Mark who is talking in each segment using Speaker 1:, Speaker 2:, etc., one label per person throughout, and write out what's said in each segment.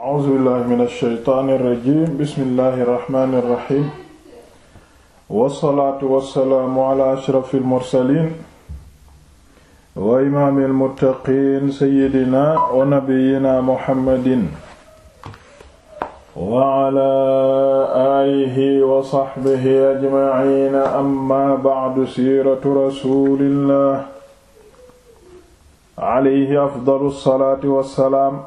Speaker 1: a'uuzu billahi min ash-shaytaani irrajim bismillahi irrahmani irrahim wasalaatu wasalaamu ala ashraf almursalin wa imaami almuttaqiin sayidina wa nabiyina muhammadin wa ala aalihi wa saxbihi ajmaciina amma bacdu siiratu rasulillah alayhi afdalu salaatu wassalaam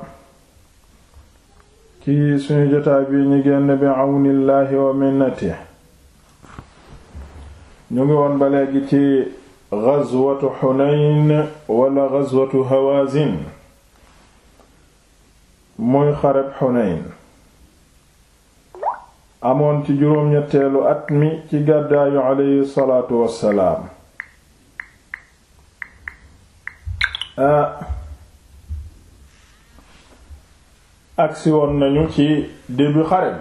Speaker 1: ci suñu jotaay bii ñu génn bi àwnillaahi wa minnati ñu ngi woon ba léegi ci gazwatu xunayn wala gazwatu hawazin muy xareb xunayn amoon ci juróom-ñetteelu at mi ci gàddaayu aleyhi salaatu wassalaam ah. agsi woon nañu ci début xare bi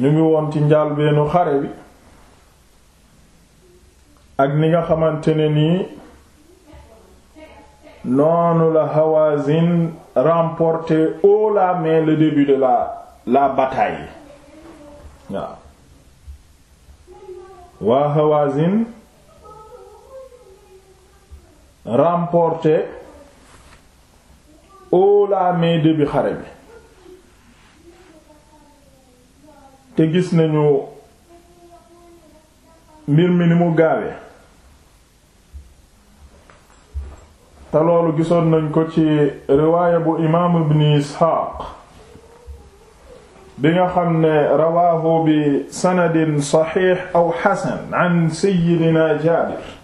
Speaker 1: ñu ngi woon ci njàlbeenu xare bi ak ni nga xamante ne nii noonu la Hawazin remporté haut la main de la la bataille waa Hawazin remporté au la de bi xare bi te gis nañu mbir mi ni mu gaawe te loolu gisoon nañ ko ci riwaaya bu imaam ibn isxaaq bi nga xam ne rawaahu bi sanadin saxiix aw xasan an sayidina jaabir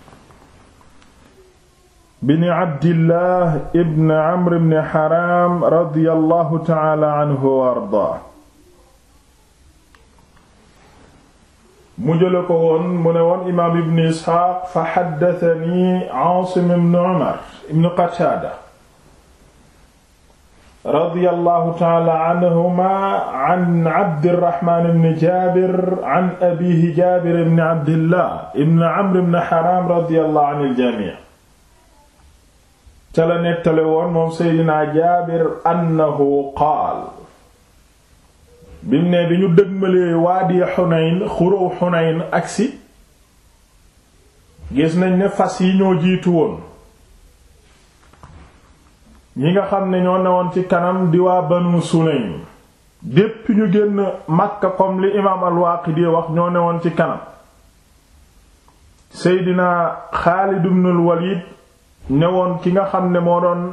Speaker 1: bni abdillah ibn amr ibn haram radiyallahu taala anhu wa ardaa mu jële ko woon mu ne woon imaam ibn isxaaq fa xaddatani aasim ibn umar ibn qataada radiyallahu taala anhuma an abdirahman ibn jaabir an abiihi jaabir ibn abdillah ibn amr ibn haram radiyallahu anil jamii ca la nettale woon moom seydinaa jaabir annahu qaal bim bi ñu dëgmalee waadi xuneyn xuroo xuneyn agsi gis nañ ne fas yi ñoo jiitu woon ñi nga xam ne ñoo newoon ci kanam di waa banu sulaym dépp ñu génn makka comme li imaam al-Waaqidi wax ñoo ne woon ci kanam seydinaa xaalid ibnul waliid newoon ki nga xam ne moo doon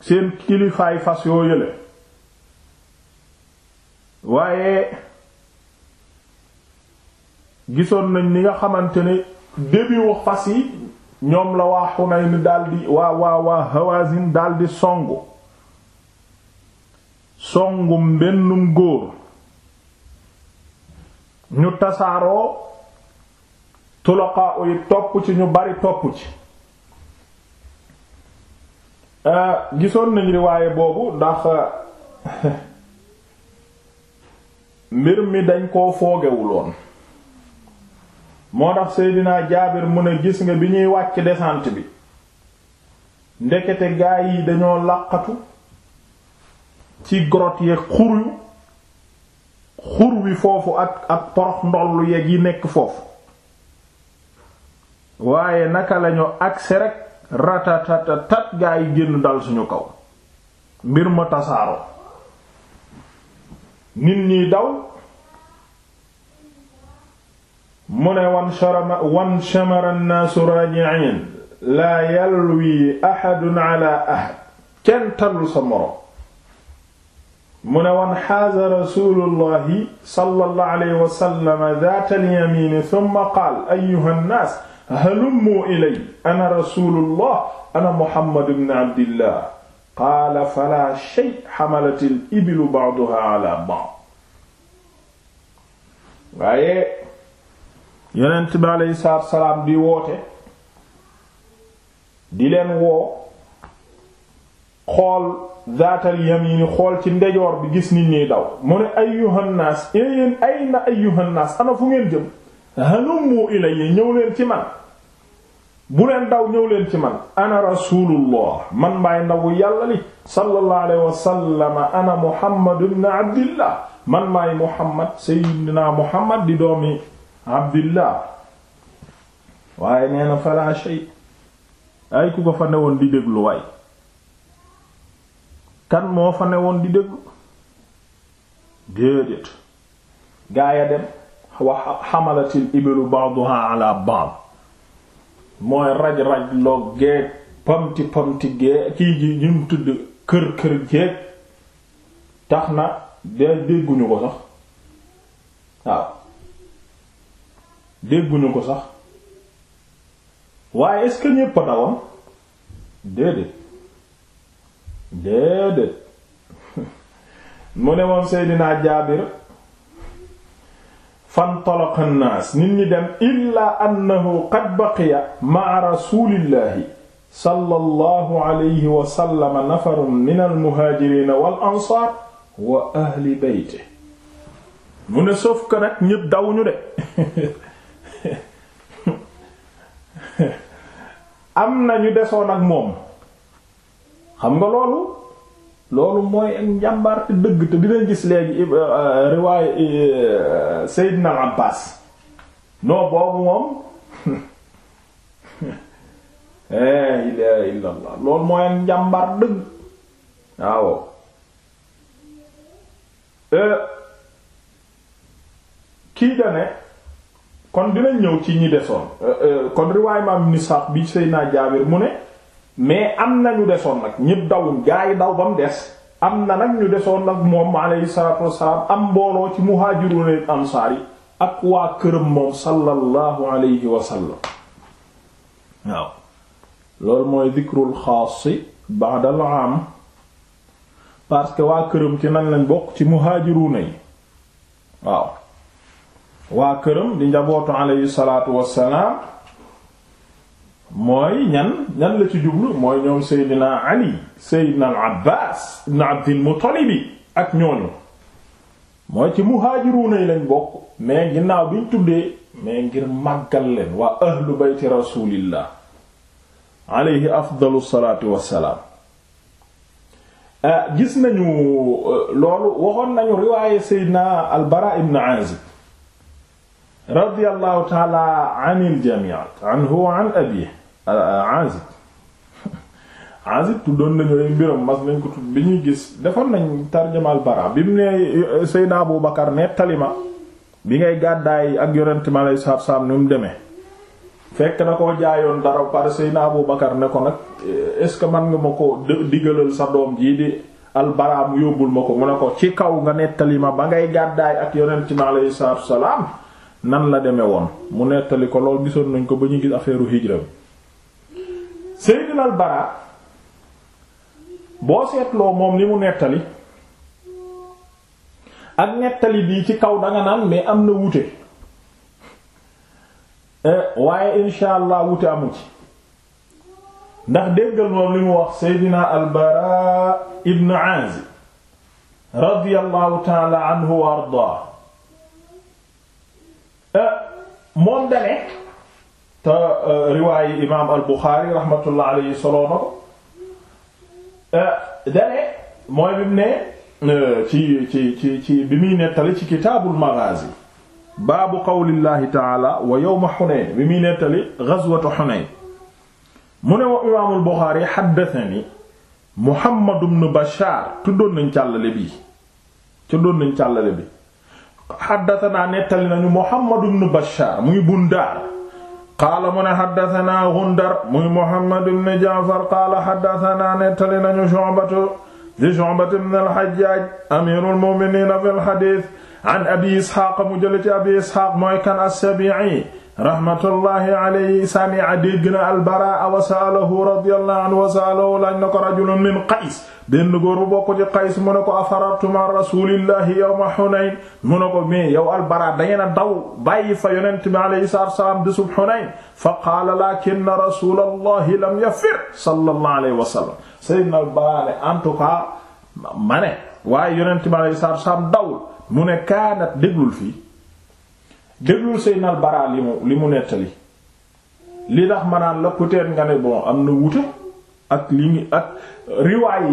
Speaker 1: seen kilifaay fas yoo yële waaye gisoon nañ ni nga xamante ne débiwu fas yi ñoom la waa Hunayn daldi waa waa waa Hawazin daldi songu songu mbennum góor ñu tasaaroo tulaqaa yi topp ci ñu bari topp ci Euh, gisoon nañu riwaaye boobu ndax euh, mbir mi dañ koo foogewuloon moo tax Seydina Jaabir mu ne gis nga bi ñuy wàcc descente bi ndekete gaa yi dañoo laqatu ci grotte yeeg xur yu xur wi foofu ak ak porox ndollu yeeg yi nekk foofu waaye naka lañu agsi rek ratatatatat gaa yi génn dal suñu kaw mbir ma tasaaro nit daw mu ne wan sharama wan shamara nnaasu raji'in laa yalwi ala ahad kenn talul sa wan xaaza rasulullahi sallallahu alayhi wa sallam al yamin thumma qaala ayyuha nnaas halummu ilay ana rasulullah ana muhammad ibn abdillah qaala fala shay xamalat al ibilu ba'daha ala ba'd waaye yonent bi aleyhi salaatu salaam di woote di leen woo xool zaatal yamini xool ci ndejoor bi gis nit ñuy daw mu ne ayyuhannaas yéen ayna ayyuhannaas ana fu ngeen jëm hanummu ilayya ñëw leen ci man bu leen daw ñëw leen ci man ana rasulullah man maay ndawu yàlla li sallallahu alayhi wa sallam ana muhammad ibn abdillah man maay muhammad sayyidina muhammad di doomi abdillah waaye nee na fala shay ay ku ko fa newoon di déglu waay kan moo fa newoon di déglu déedéet gaaya dem wa xamalatil ibilu ba'daha ala ba'd mooy raj-raj loo pamti pamti geeg kii ji ñum tudd kër-kër geeg tax na de dégguñu ko sax waaw dégguñu ko sax waaye est-ce que ñépp a dawam déedéet déedéet mu ne moom Seydina Jaabir fantalaqa an-naas ni ñi dem illaa annahu qad baqiya ma'a rasuulillahi sallallahu alayhi wa sallam nafarun min al-muhaajiriin wal wa ahli baytihi mu ne sauf que nag ñépp dawuñu de am na ñu desoon ak moom xam nga loolu loolu mooy ak njàmbaar te dëgg te dinañ gis léegi eh, eh, riwaay eh, Seydina Abbas non boobu moom la ilaha loolu mooy ak njàmbaar dëgg waaw kii dane kon dinañ ñëw ci ñi desoon kon riwaay maam ni sax bi Seydina Jaabir mu ne mais am na ñu desoon nag ñépp dawul gaa yi daw ba mu des am na nag ñu desoon nag moom alayhi salaatu wassalaam am mbooloo ci muhaajiruuna ak ansaar yi ak waa këram moom sallallahu alayhi wa waaw loolu mooy dikrul xaasi ba'da al parce que waa këram ci nan lañ bokk ci muhaajiruuna yi waaw waa këram di njabootu alayhi salaatu wassalaam mooy ñan ñan la ci jublu mooy ñoom Seydina Ali Seydina al-Abbaas ibn Abdil Muttalib ak ñooñu mooy ci muhaajiruuna yi lañ bokk mais ginnaaw biñ tuddee mais ngir màggal leen waa ahlu bayti rasulillah alayhi afdalu salaatu wassalaam ah, gis nañu euh, loolu waxoon nañu riwaaye Seydina al-Baraa ibn Aazib radiyallahu ta'ala anil jamii' anhu wa an Azib euh, euh, Azib tuddoon nañu ay mbiram mas nañ ko tudd bi ñuy gis defoon nañ tarjamaal bara bi mu ne euh, Seydina bu Bakar nettali ma bi ngay gàddaay ak yonent ma lay saab ni mu demee fekk na jaayoon dara pare Seydina Abu ne ko nag est-ce que man nga ma ko digalal sa doom jii di albara yóbbul ma ko mu ne ko ci kaw nga nettali ma ba ngay gàddaay ak yonent ma lay saab salaam nan la demee woon mu nettali ko loolu gisoon nañ ko ba ñuy gis affaire hijra bi Seydina al-Bara boo seetloo moom li mu nettali ak nettali bii ci kaw danga naan mais am na wuute eh, waaye insha allah wuute amu ci ndax déggal moom li mu wax Seydina al-Bara ibn Azib radiyallahu taala anhu wa ardaa eh, moom dane te e, riwaayi imaam al Buxaari rahmatullah alayhi soloo na e, mooy bi mu ne e, ci ci ci bi muy nettali ci kitaabul maghaazi baabu qawlillahi taala wa yawma Hunayn bi muy nettali ghazwatu Hunayn mu ne wa imaamul Buxaari haddathani Muhammad ibn Bashaar tuddoon nañ càllale bi tuddoon nañ càllale bi haddathana nettali nañu Muhammad ibn Bashaar muy Bundaar qaala mu ne xaddatanaa Gundar muy Muhammad ibn Jaafar qaala xaddatanaa nettali nañu Shu'batu di Shu'batu ibn al-Hajjaaj amiirul mu'miniina fil hadiis an Abi Isxaaq mu jële ci Abi Isxaaq mooy kan as-Sabii'i raxmatullahi alayhi sami'a dégg na albaraa wa saalahu radiyallahu anhu wa saalahu lañ na ko rajulun min qays benn góor bu bokk ci qays mu ne ko afarartum an rasulillahi yawma xunayn mu ne ko mais yow albaraa dangeen a daw bàyyi fa yonent bi alayhi salaatu wa salaam bisub xunayn fa qaala lakinna rasulallahi lam yafir sallallahu alayhi wa sallam sayyidna albaraa ne en tout cas ma ne waaye yonent bi alayhi salaatu wa salaam dawul mu ne kaanat déglul fii déglul Seydina al Baraa li mu li mu nettali li tax ma naan la peut-être nga ne bon am na wute ak li ñu ak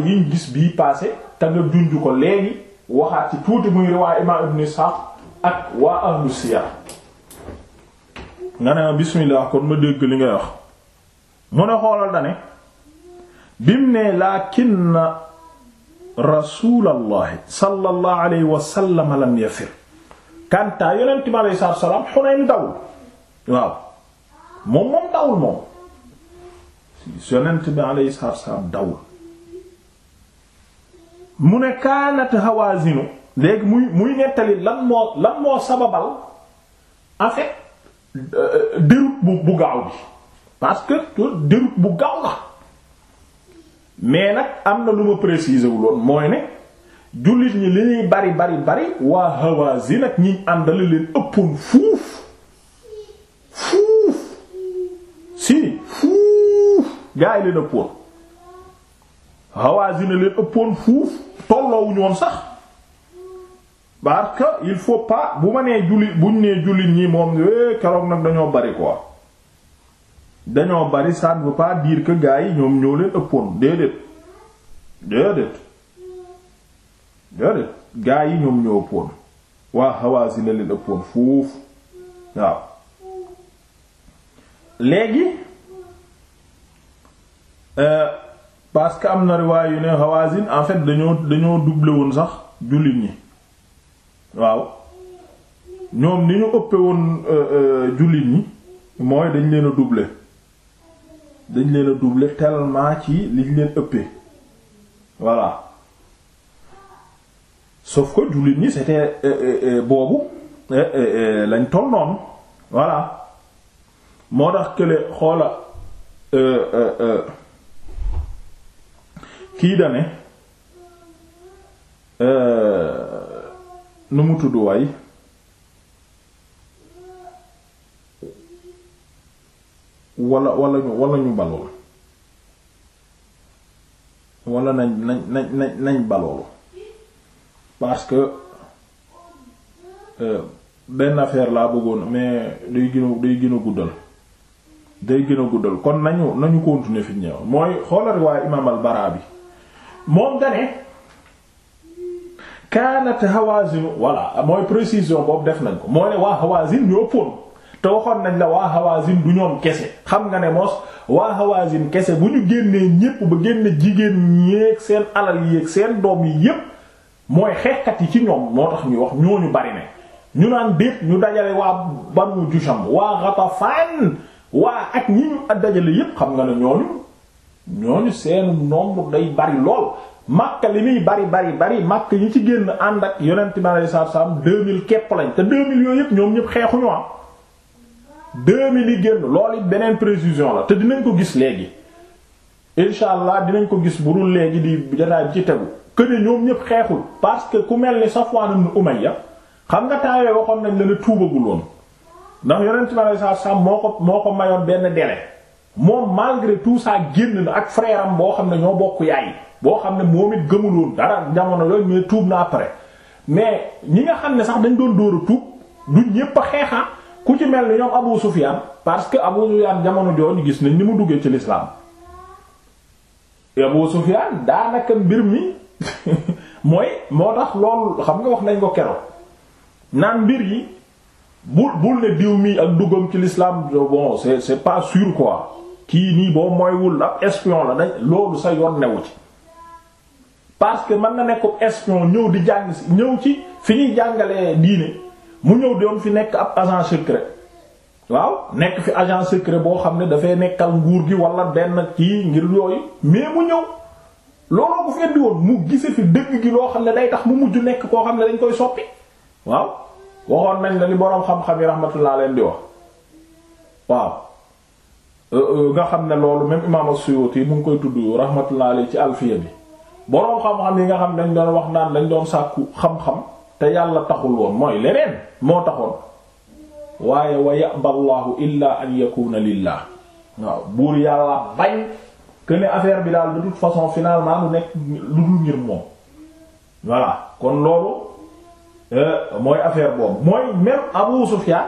Speaker 1: yi ñu gis bii passé te nga junj ko léegi waxaat ci tuuti muy riwaaye imaam Ibn Ishaq ak waa ahlu siyar nga ne ma bismillah kon ma dégg li ngay wax mu ne xoolal dane bim ne lakinna rasuulallahi sallallahu alayhi wa sallam yafir kantaa yonent mi aleyhi salaatu wa salaam Hunayn dawul waaw moom moom dawul moom yonent bi aleyhi salaatu salaam dawul mu ne kaanat Hawaazinu léegi muy muy nettali lan moo lan moo sababal en fait euh, bu bu gaaw bi parce que déroute bu gaaw la mais nag am na lu ma préciser wuloon mooy ne jullit ñi li ñuy bari bari bari waa Hawazin ak ñiñ àndal leen ëppoon fuuf fuuf si fuuf gaa yi leen ëppoon Hawazin leen ëppoon fuuf tolloowuñu sax parce que il faut pas bu ma nee jullit buñ nee jullit ñi moom eh, keroog nag dañoo bari quoi dañoo bari ça pas dire que gaa yi ñoom ñoo leen ëppoon déedéet déedéet. déedéet gaa yi ñoom ñoo ëppoon waa Hawaazin la leen ëppoon foofu waaw léegi euh, parce que am na riwaay yu ne Hawaazin en fait dañoo dañoo doublé woon sax jullit ñi waaw ñoom ni ñu ëppe woon euh, euh, jullit ñi mooy dañ leen a duble dañ leen a doublé tellement ci liñ leen ëppee voilà sauf que jullit ñi c'était euh, euh, euh, boobu lañ toll noonu voilà moo tax kële xoola kii dane nu mu tudd waay walla wala ñu wala ñu balool wala nañ nañ nañ nañ baloolu parce que euh, benn affaire laa bëggoon mais day gën a day gën a guddal day gën guddal kon nañu nañu continuer fi ñëw mooy xoolal waaye imaam al Baraa bi moom dane kaanat Hawazin voilà mooy précision boobu def nañ ko mooy ne waa Hawazin ñoo poon te waxoon nañ la waa Hawazin du ñoom kese xam nga ne mos waa Hawazin kese bu ñu génnee ñépp ba génne jigéen ñeeg seen alal yeeg seen doom yi yépp mooy xeexkat yi ci ñoom moo tax ñuy wax ñooñu bari ne ñu naan déet ñu dajale waa banu Jusham waa Ghatafan waa ak ñi ñu dajale yépp xam nga ne ñooñu ñooñu seenu nombre day bari lool Makka li muy bari bari bari Makka yi ci génn ànd ak yonent bi alayhi salaatu salaam 2000 képp lañ te 2000 yooyu yépp ñoom ñépp xeexuñu am ah. 2000 yi génn loolu beneen précision la te dinañ ko gis léegi incha allah dinañ ko gis bu dul léegi di jotaay bi ci tegu. que ne ñoom ñëpp xeexul parce que ku mel ni Safwan ibn Umayya xam nga taawee waxoon nañ la ne tuubagul woon ndax yonent bi alayhi moo ko moo ko mayoon benn délai moom malgré tout saa génn na ak frère am boo xam ne ñoo bokk yaay boo xam ne moom it gëmul woon dara jamono loolu mais tuub na après mais ñi nga xam ne sax dañ doon dóor tuub du ñépp a xeexa ah. ku ci mel ni ñoom Abu Sufyan parce que Abu Sufyan jamono jooju gis nañ ni mu duggee ci l'islam Abu Sufyan daanaka mbir mi. mooy moo tax loolu xam nga wax nañ ko keroog naan mbir yi bul bul ne diw mi ak duggam ci l'islam bon c'est c'est pas sûr quoi kii nii boo mooywul ab espion la dañ loolu sa yoon newu ci parce que mën na nekk espion ñëw di jàng si ñëw ci fi ñuy jàngalee diine mu ñëw doon fi nekk ab agent secret waaw nekk fi agent secret boo xam ne dafay nekkal nguur gi walla benn kii ngir yooyu mais mu ñëw looloo ko feddi woon mu gise fi dëgg gi loo xam ne day tax mu mujj nekk koo xam ne dañ koy soppi waaw waxoon nañ la li boroom xam-xam yi rahmatullah leen di wax waaw euh, euh, nga xam ne loolu même imaam as-Suyuti mu ngi koy tudd rahmatullah alayhi ci alfiya bi boroom xam-xam yi nga xam dañ doon wax naan dañ doon sàkku xam-xam te yàlla taxul woon mooy leneen moo taxoon waaye wa ya'ba Allahu illa an yakuna lillah waaw buur yàlla bañ que ne affaire bi daal de toute façon finalement lu nekk lu dul ngir moom voilà kon loolu euh, mooy affaire boobu mooy même Abu Sufyan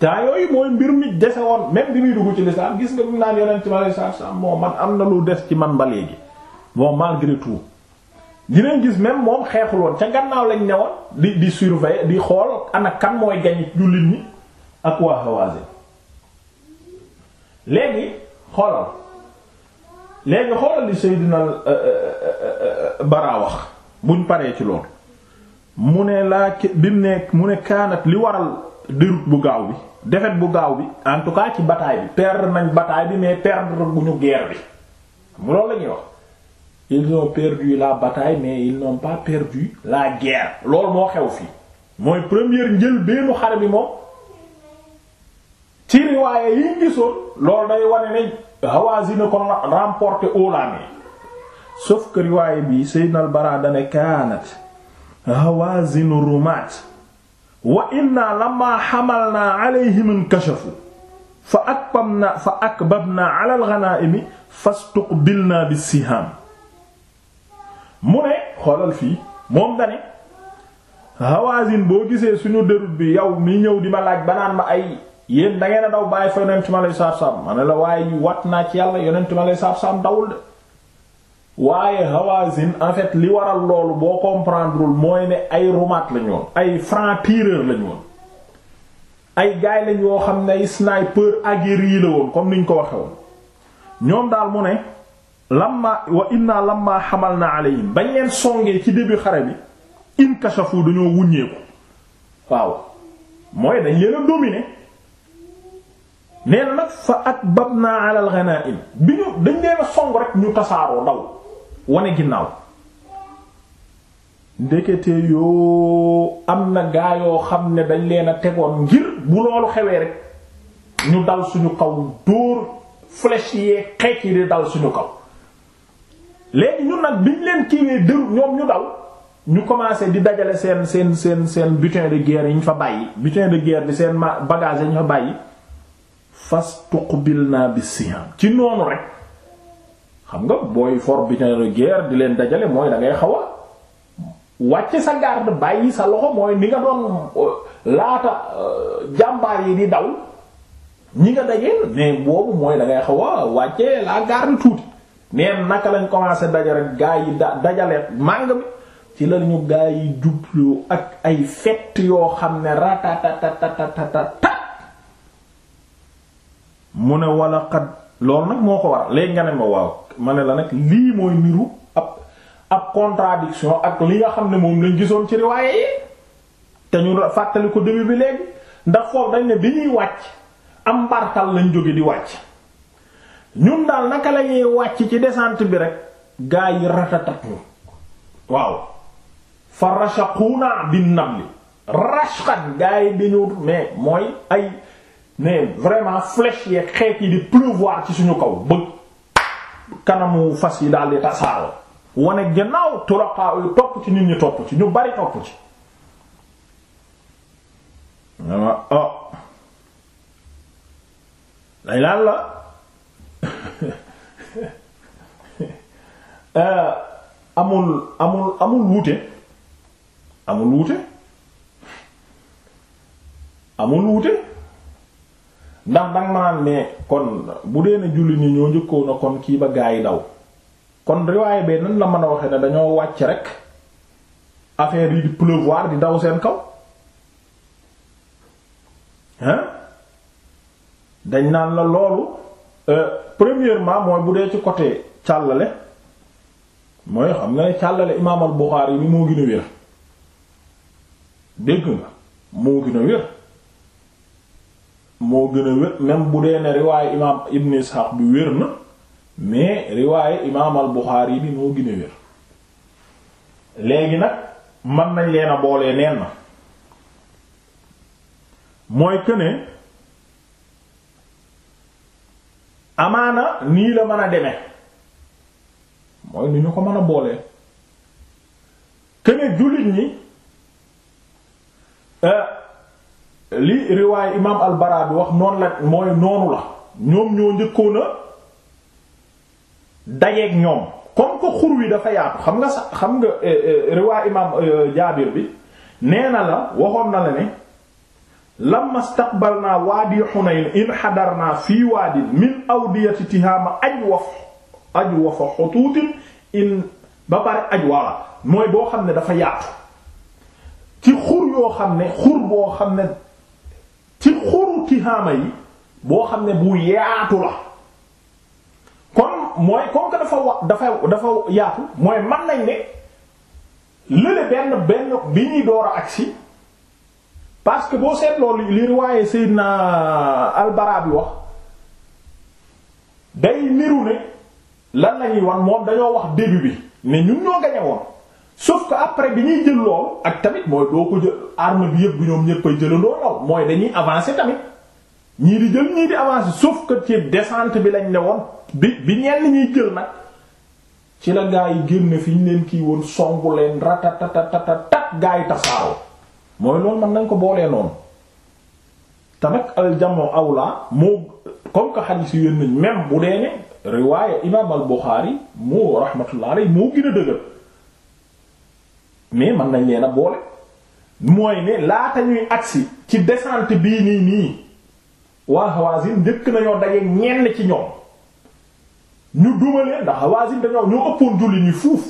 Speaker 1: temps mooy mbir mi dese woon même bi muy dugg ci l'islam gis nga bi mu naan yonent bi alayhi salaatu salaam bon man am na lu des ci man ba léegi bon malgré tout dinañ gis même moom xeexul woon ca gannaaw lañ ne woon di di surveiller di xool ana kan mooy gañi jullit ñi ak waa Hawazin léegi xoolal. léegi xoolal li Seydina euh, euh, euh, Bara wax buñ paree ci loolu mu ne laa bi mu ne mu ne kaanat li waral déroute bu gaaw bi défaite bu gaaw bi en tout cas ci bataille bi perdre nañ bataille bi mais perdre bu ñu guerre bi mu loolu la ñuy wax ils ont perdu la bataille mais ils n'ont pas perdu la guerre loolu moo xew fii mooy première njël beenu xare bi moom ci riwaaye yi ngisoon loolu day wane ne Hawazin kon remporté Hollande sauf que riwaay bi Sayyidna al-Bara dane kaanat Hawazin rumaat wa inna lamma hamalna alayhim inkashafu fa akbamna fa akbabna ala al-ghanaimi fastuqbilna bis mu ne xoolal fii moom dane Hawazin boo gisee suñu dérut bi yow mi ñëw di ma laaj banaan ma ay yéen da a daw bàyyi fa yonent ma lay saaf saaf ma ne la waaye ñu wat naa ci yàlla yonent ma lay saaf saaf dawul de waaye Hawazin en fait li waral loolu boo comprendrewul mooy ne ay rumaat lañu woon ay francs-tireurs lañu woon ay gaay lañ yoo xam ne ay sniper aguerri la woon comme niñ ko waxe ñoom daal mu ne lamma wa inna lamma xamal na alayhim bañ leen songee ci début xare bi inkashafu dañoo wuññeeku waaw mooy dañ leen a dominer nee nag fa at bab naa alal ghanaim bi ñu dañ leen song rek ñu tasaaroo daw wane ginnaaw ndekete yoo am na gaa yoo xam ne dañ leen a tegoon ngir bu loolu xewee rek ñu dal suñu kaw dóor flèche yee xeec yi di dal suñu kaw léegi ñun nag biñ leen kiiwee dër ñoom ñu daw ñu commencé di dajale seen seen seen seen butin de guerre yi ñu fa bàyyi butin de guerre bi seen bagage yi ñu fa bàyyi fas tuqbil naa bi siham ci noonu rek xam nga booy for bi na guerre di leen dajale mooy da ngay xaw wàcce sa garde bàyyi sa loxo mooy ni nga doon euh, laata euh, jàmbaar yi di daw ñi nga dajeel mais boobu mooy da ngay xaw a wàcce la garde tuuti neen naka lañ commencé dajale gaa yi da dajale màng bi ci la gaa yi jublu ak ay fett yoo xam ne ratatatatatatat mu ne wala xad loolu nag moo ko war léegi nga ne ma waaw ma ne la nag lii mooy niru ab ab contradiction ak li nga xam ne moom lañ gisoon ci riwaaye yi te ñu fàttali ko début bi léegi ndax foofu dañ ne bi ñuy wàcc am mbartal lañ jóge di wàcc ñun daal naka la wàcc ci descente bi rek gaa yi ratatat ñu waaw fa rashaquuna bin namli rashqan gaa yi dañu mais mooy ay mais vraiment flèche yeeg xeet yi di pleuvoir ci suñu kaw bëgg kanamu fas yi daal di tasaaroo wane gannaaw turaqaa yu topp ci nit ñi topp ci ñu bari topp ci waaw oh day amul amul amul wuute amul wuute amul wuute ndax danga maanaam ne kon bu dee ne julli ni ñoo njëkkoon na kon kii ba gaa yi daw kon riwaaye bee nan la mën a waxe ne dañoo wàcc rek affaire yi di pleuvoir di daw seen kaw hein dañ naan la loolu euh, premièrement mooy bu dee ci côté càllale mooy xam ne càllale imaamal Buxaari bi moo gën a wér dégg nga moo gën a wér moo gën a wér même bu dee ne riwaayu imaam Ibn Ishaq bi wér na mais riwaayu imaamal al Buxaari bi moo gën a wér léegi nag man nañ leen a boole neen na mooy këne amaana nii la mën a deme mooy ni ñu ko mën a boolee këne jullit ñi. Euh, li riwaay imaam al-Bara bi wax noonu la mooy noonu la ñoom ñoo njëkkoon a ñoom comme que xur wi dafa yaatu xam nga sax xam nga eh, eh, riwaay imaam eh, Jaabir bi nee na la waxoon na la ne lamma staqbalnaa waadi Hunayn in hadarnaa fii waadin min awdiyati Tihaama ajwaf ajwafa xutuutin in ba pare ajwala mooy boo xam ne dafa yaatu ci xur yoo xam ne xur boo xam ne ci xuru tihaama yi boo xam ne bu yaatu la kon mooy comme que dafa wa dafa dafa yaatu mooy man nañ ne lële benn benn bi ñuy door a agsi parce que boo seetloo li riwaaye Seydina Albara bi wax day niru ne lan lañuy wan moom dañoo wax début bi ne ñun ñoo gañe sauf que après bi ñuy jël lool ak tamit mooy doo ko jël arme bi yëpp ñoom ñëpp ay jëlandoo lool mooy dañuy avancer tamit ñii di jël ñii di avancer sauf que ci descente bi lañ ne woon bi bi ñenn ñuy jël nag ci la gaa yi génn fi ñu leen kii woon songu leen ratatatatat gaa yi tasaaroo mooy loolu man nañ ko boolee noonu te nag aljamoo awla moo comme que xadiis yi yéen nañ même bu dee ne riwaaya imaam al Buxaari moo rahmatullah alayhi moo gën a dëgër mais mën nañ leen a boole mooy ne laata ñuy agsi ci desante bii nii nii waa Hawazin njëkk nañoo daje ñenn ci ñoom ñu duma leen ndax Hawazin dañoo ñoo ëppoon julli ñu fuuf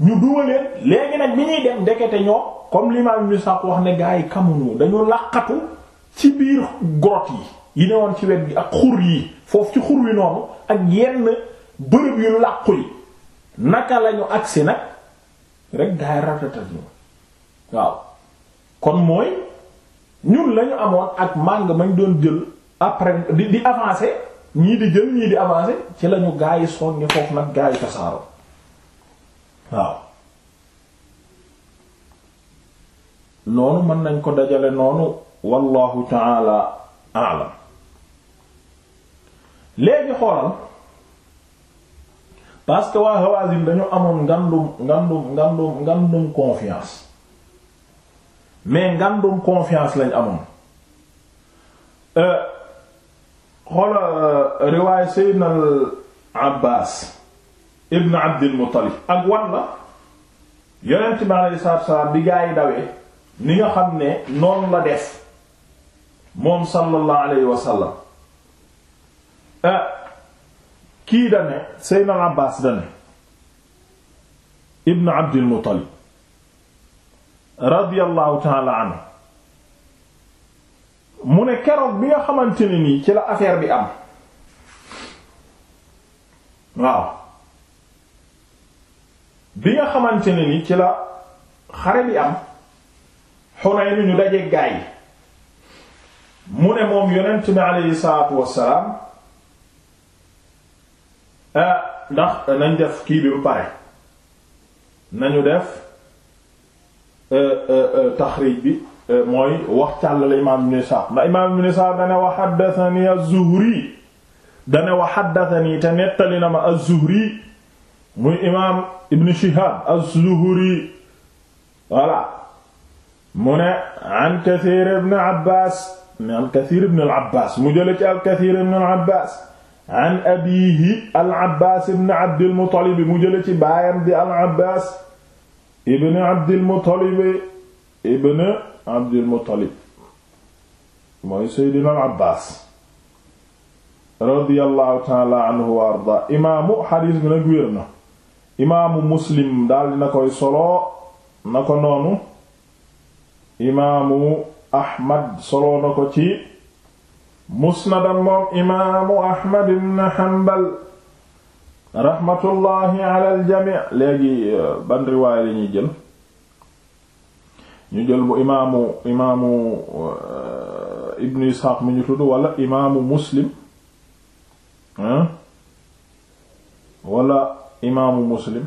Speaker 1: ñu duma léegi nag bi ñuy dem ndekete ñoo comme l'imam ñu sax wax ne gaa yi kamuñu dañu laqatu ci biir grotte yi yi ne woon ci wet gi ak xur yi foofu ci xur wi noonu ak yenn bërëb yu làqu yi naka lañu agsi nag rek gaa yi ratatat ñu waaw kon mooy ñun lañu amoon ak màng mañ doon jël après di di avancer ñii di jël ñii di avancer ci lañu gaa yi soññi foofu nag gaa yi tasaaroo waaw noonu mën nañ ko dajale noonu wallahu ta'ala a'lam léegi xoolal parce que waa Hawazin dañu amoon ngandum ngandum ngandum ngandum confiance mais ngandum confiance lañ amoon euh, xoola euh, riwaay Sayyidina Abbas ibn Abdil Muttalib ak wan la yonent bi alayhi salaatu salaam bi gaa yi dawee ni nga xam ne noonu la def moom sallallahu alayhi wa kii da ne Seydina al Abbaas da ne ibn Abdil Muttalib radiyallahu taala anhu mu ne keroog bi nga xamante ni nii ci la affaire bi am waaw nga xamante ne ci la xare bi am ñu daje gaay mu ne moom yonent bi aleyhi salaatu Ah, ndax nañ def kii bi bu pare nañu def euh, euh, euh, taxrij bi mooy wax càllale imaam ibn Isaaq ndax imaam ibn Isaaq dane wa haddathani az-Zuhri dane wa haddathani te nettali na ma az-Zuhri muy imaam ibn Shihab az-Zuhri voilà mu ne an Kathir ibn Abbas an mu jële ci al-Kathir ibn al an abiihi al-Abbaas ibn Abdil Muttalib mu jële ci baayam di al-Abbaas ibn Abdil Muttalib ibn Abdil Muttalib mooy Seydina al-Abbaas radiyallahu ta'ala anhu wa ardaa imaamu xadiis bi nag wér na imaamu Muslim daal dina koy solo na ko noonu imaamu Ahmad solo na ko ci musnadam moom imaamu ahmad ibn hanbal raxmatullahi ala aljami léegi euh, ban riwaaya la ñuy jël ñu jël bu imaamu imaamu euh, ibnu isxaaq mi ñu tudd wala imaamu muslim ah wala imaamu muslim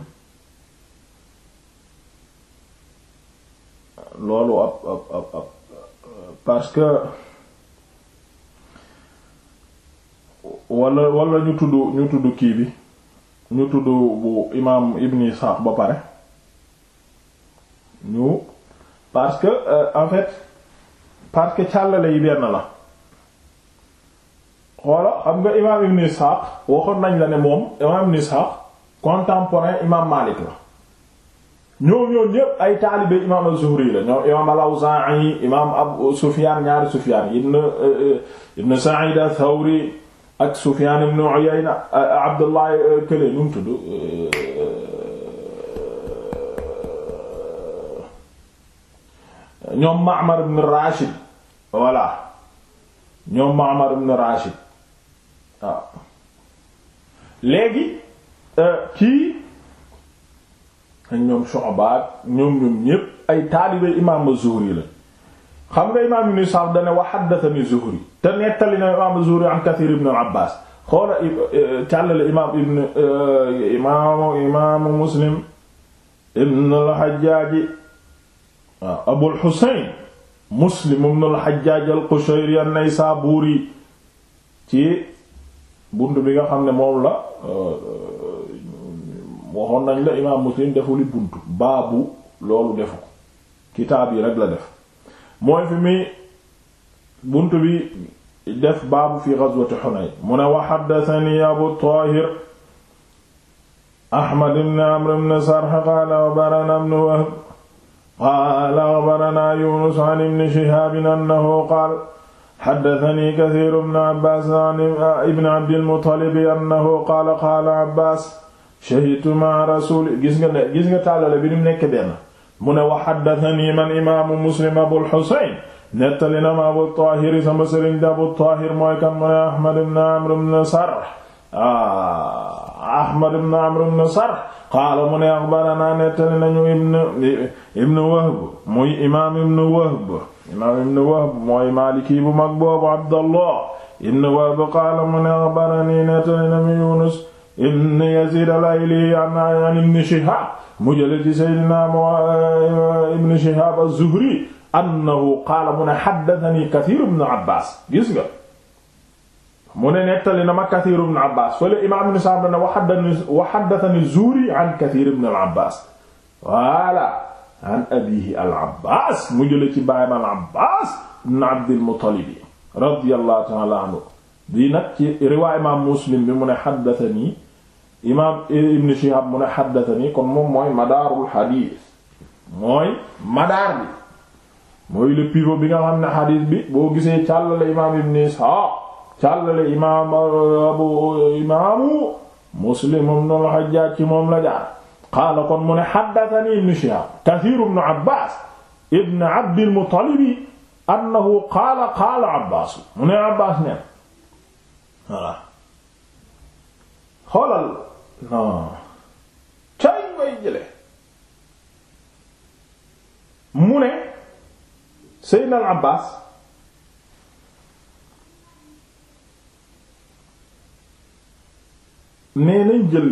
Speaker 1: loolu ab ab ab ab parce que wala wala ñu tudd ñu tudd kii bi ñu tudd bu imaam Ibn Ishaq ba pare ñu parce que euh, en fait parce que càllale yi benn la xoola xam nga imaam Ibn Ishaq waxoon nañ la ne moom imaam Ibn Ishaq contemporain imaam Maalik la ñoo ñoo ñépp ay taalibe imaam az-Zuhri la ñoom imaam al-Awzaa'i imaam Abu Sufyaan ñaari Sufyaan ibn euh, euh, ibn Sa'id ath-Thawri ak Sufyaan ibn Uyayna Abdullah e, kële nu mu tudd e, ñoom Ma'mar ibn Rashid voilà ñoom Ma'mar ibn Rashid waaw léegi e, kii ñoom Shu'ba ñoom ñoom ñépp ay taalibe imaam Zuhri la xam nga imaam Ibn Sa'd dane wa haddathani Zuhri te nettali na imaam Zuhri an Kathir ibn al-Abbas xoola e, càllale imaam ibn imaamu e, imaamu Muslim ibn al-Hajjaj waaw Abul Husayn Muslim ibn al-Hajjaj al-Qushayri an-Naysaburi ci bunt bi nga xam ne moom la e, waxoon nañ la imaam Muslim defuli bunt baabu loolu defu ko kitaab yi rek la def mooy fi muy bunt bi def baabu fi ghazwati Hunayn mu ne wa haddathani Abu Tahir Ahmad ibn Amr ibn Sarh qaala akhbaranaa ibn Wahb qaala akhbaranaa Yunus an ibn Shihaab annahu qaala haddathani Kathiir ibn Abbaas ibn Abdil Muttalib annahu qaala qaala Abbaas shahidtu ma'a rasuul gis nga gis nga tàllale bi ni mu nekk benn mu ne wa haddathani man imaamu Muslim Abul Husayn nettali na ma Abu Tahir sama sëriñ di Abu Tahir mooy kan mu ne Ahmad ibn Amr ibn Sarh ah, Ahmad ibn Amr ibn Sarh qaala mu ne axbaranaa nettali nañu ibn ibn Wahb muy imaam ibn Wahb imaam ibn Wahb mooy Maliki bu mag boobu Abdallah ibn Wahb qaala mu ne axbaranii nettali nañu Yunus ibn Yazid al-Ayli an ibn Shihab mu jële ci Seydina ibn Shihab az-Zuhri annahu qaala mu ne xaddatani Kasiir ibn Abbaas gis nga mu ne nettali na ma Kasiir ibn Abbaas fële imaam Ibn Sa'd ne wa xaddatani Zuhri an Kasiir ibn al-Abbaas voilà an abiihi al-Abbaas mu jële ci baayam al-Abbaas ibn Abdil Muttalib radiyallahu ta'ala anhu di nag ci riwaay imaam Muslim bi mu ne xaddatani imaam Ibn Shihaab mu ne xaddatani kon moom mooy madaarul hadiis mooy madaar bi mooy le pivot bi nga xam ne xadis bi boo gisee càllale imaam ibn Isxaaq càllale imaam euh, abu euh, imaamu Muslim ibn al ci moom la jaar qaala kon mu ne haddathanii ibn Shihaab Kathiir ibn Abbaas ibn Abdil Muttalib annahu qaala qaala Abbaas mu ne Abbaas ne voilà xoolal way jële mu Seydina al Abbaas nee nañ jël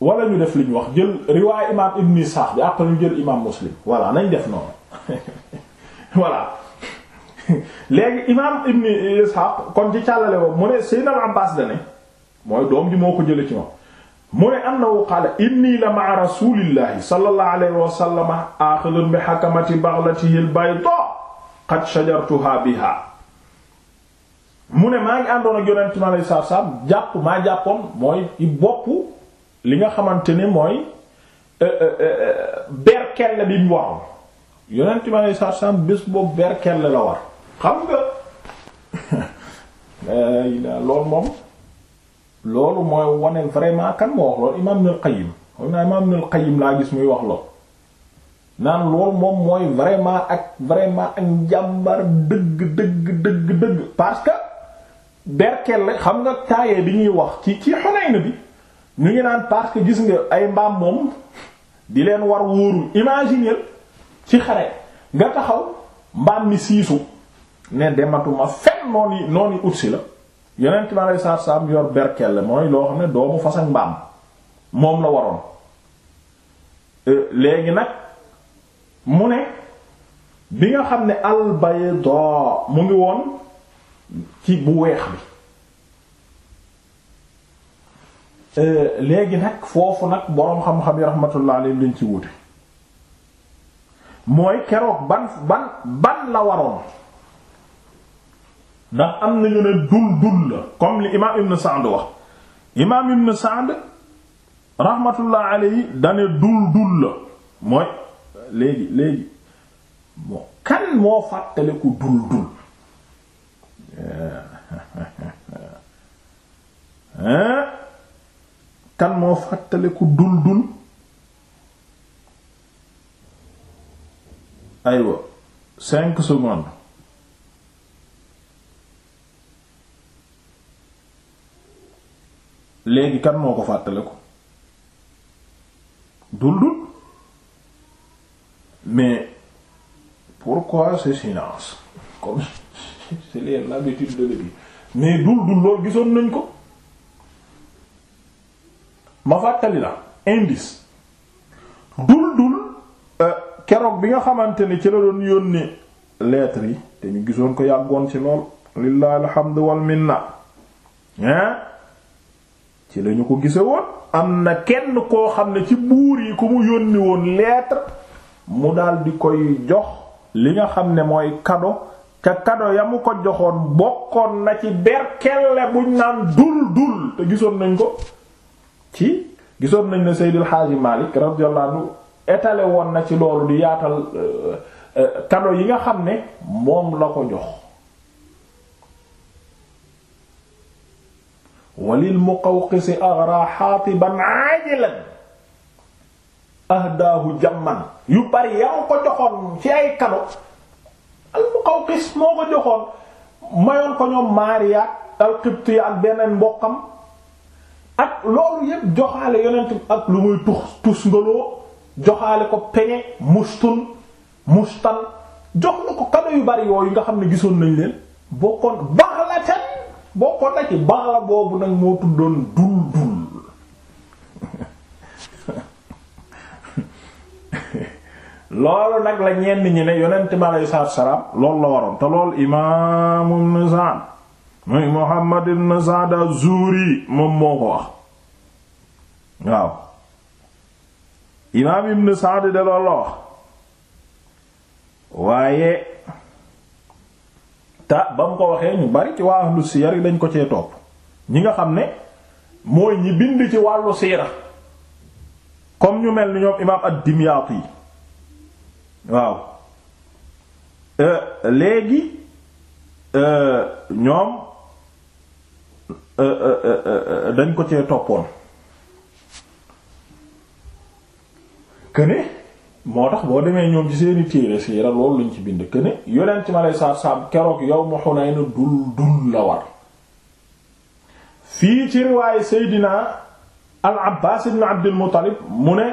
Speaker 1: wala ñu def li ñu wax jël riwaay imaam Ibn Isxaaq bi après ñu jël imaam Muslim voilà nañ def noonu voilà léegi imaam Ibn Isxaaq kon ci càllale boobu mu ne Seydina al Abbaas da ne mooy doom ji moo ko jëlee ci moom. mu ne annahu qaala inni la ma'a rasulillahi sallallahu alayhi wa sallam aaxidun bi hakamati baghlatihi al-bayda qad shajartuha biha mu ne maa ngi àndoon ak yonent mi alayhi salaatu salaam jàpp maa jàppoon mooy i bopp li nga xamante ne mooy euh, euh, euh, berkelle bi mu waxoon yonent mi alayhi salaatu salaam bés boobu berkelle la war xam nga loolu moom loolu mooy wane vraiment kan moo wax loolu imaam Ibnul Qayyim xam naa imaam wax lool naan moom mooy vraiment ak vraiment ak njàmbar dëgg parce que berkelle xam nga taayee bi ñuy wax ci ci bi ñu ngi naan parce que gis nga ay mbaam moom di leen war wóorul imaginer ci xare nga taxaw mbaam mi siisu ne dematuma fen noonu noonu utsi la yonent bi alayhi salaatu salaam yor berkelle mooy loo xam ne doomu fas ak mbaam moom la waroon euh, léegi nag mu ne bi nga xam ne al bayda mu ngi woon ci bu weex bi euh, léegi nag foofu nag boroom xam-xam yi rahmatullah alayhi lañ ci wuti mooy keroog ban ban ban la waroon ndax am nañu ne dul dul la comme li imaam ibn Sa'd wax imaam ibn Sa'd rahmatullah alayhi dane dul dul la mooy léegi léegi bon kan moo fàttaliku dul dul kan moo fàttaliku dul dul aywa cinq secondes léegi kan moo ko fàttale ko dul dul mais pourquoi ce silence comme c'est l'habitude de le mais dul dul loolu gisoon nañ ko ma fàttali la indice dul dul euh, keroog bi nga xamante ni ci la doon yónnee lettre yi te ñu gisoon ko yàggoon ci lool lillahi alhamdu wal minna hein ci lañu ko gise woon am na kenn koo xam ne ci buur yi ku mu yónni woon lettre mu daldi koy jox li nga xam ne mooy kado ca kado ya ko joxoon bokkoon na ci berkelle buñ naan dul dul te gisoon nañ ko ci gisoon nañ ne Seydil Hadji Malick radiyallahu anhu woon na ci loolu di yaatal kado euh, euh, yi nga xam ne moom la ko jox walil muqawqisi aghra xaatiban ajilan ahdaahu jamman yu bari yaa ko joxoon ci ay kado al muqawqis moo ko joxoon mayoon ko ñoom maariyaat al ak beneen mbokkam ak loolu yépp joxaale yonent ak lu muy tus tus ngaloo joxaale ko peñe mustun mustan jox na ko kado yu bari yooyu nga xam ne gisoon nañ leen bokkoon baax la bokkoon na ci baxla boobu nag moo tuddoon dul dul loolu nag la ñenn ñi ne yonent bi aleyhi salaam loolu la waroon te loolu imaam ibn Sa'd muy Muhammad ibn moom moo ko wax waaw imaam ibn Sa'd de loolu la wax waaye ta ba mu ko waxee ñu bari ci waa ahlu siyar yi dañ ko cee topp ñi nga xam ne mooy ñi bind ci wàllu siira comme ñu mel ni ñoom imaam ad-Dimyaati yi waaw euh, léegi euh, ñoom euh, dañ ko ci toppoon këne moo tax boo demee ñoom ci seeni téere siira loolu lañ ci bind këne yonent ma lay saar saam keroog yow ma Xunayn dul dul la war fii ci riwaaye Seydina al Abbaas ibn Abdul Muttalib mu ne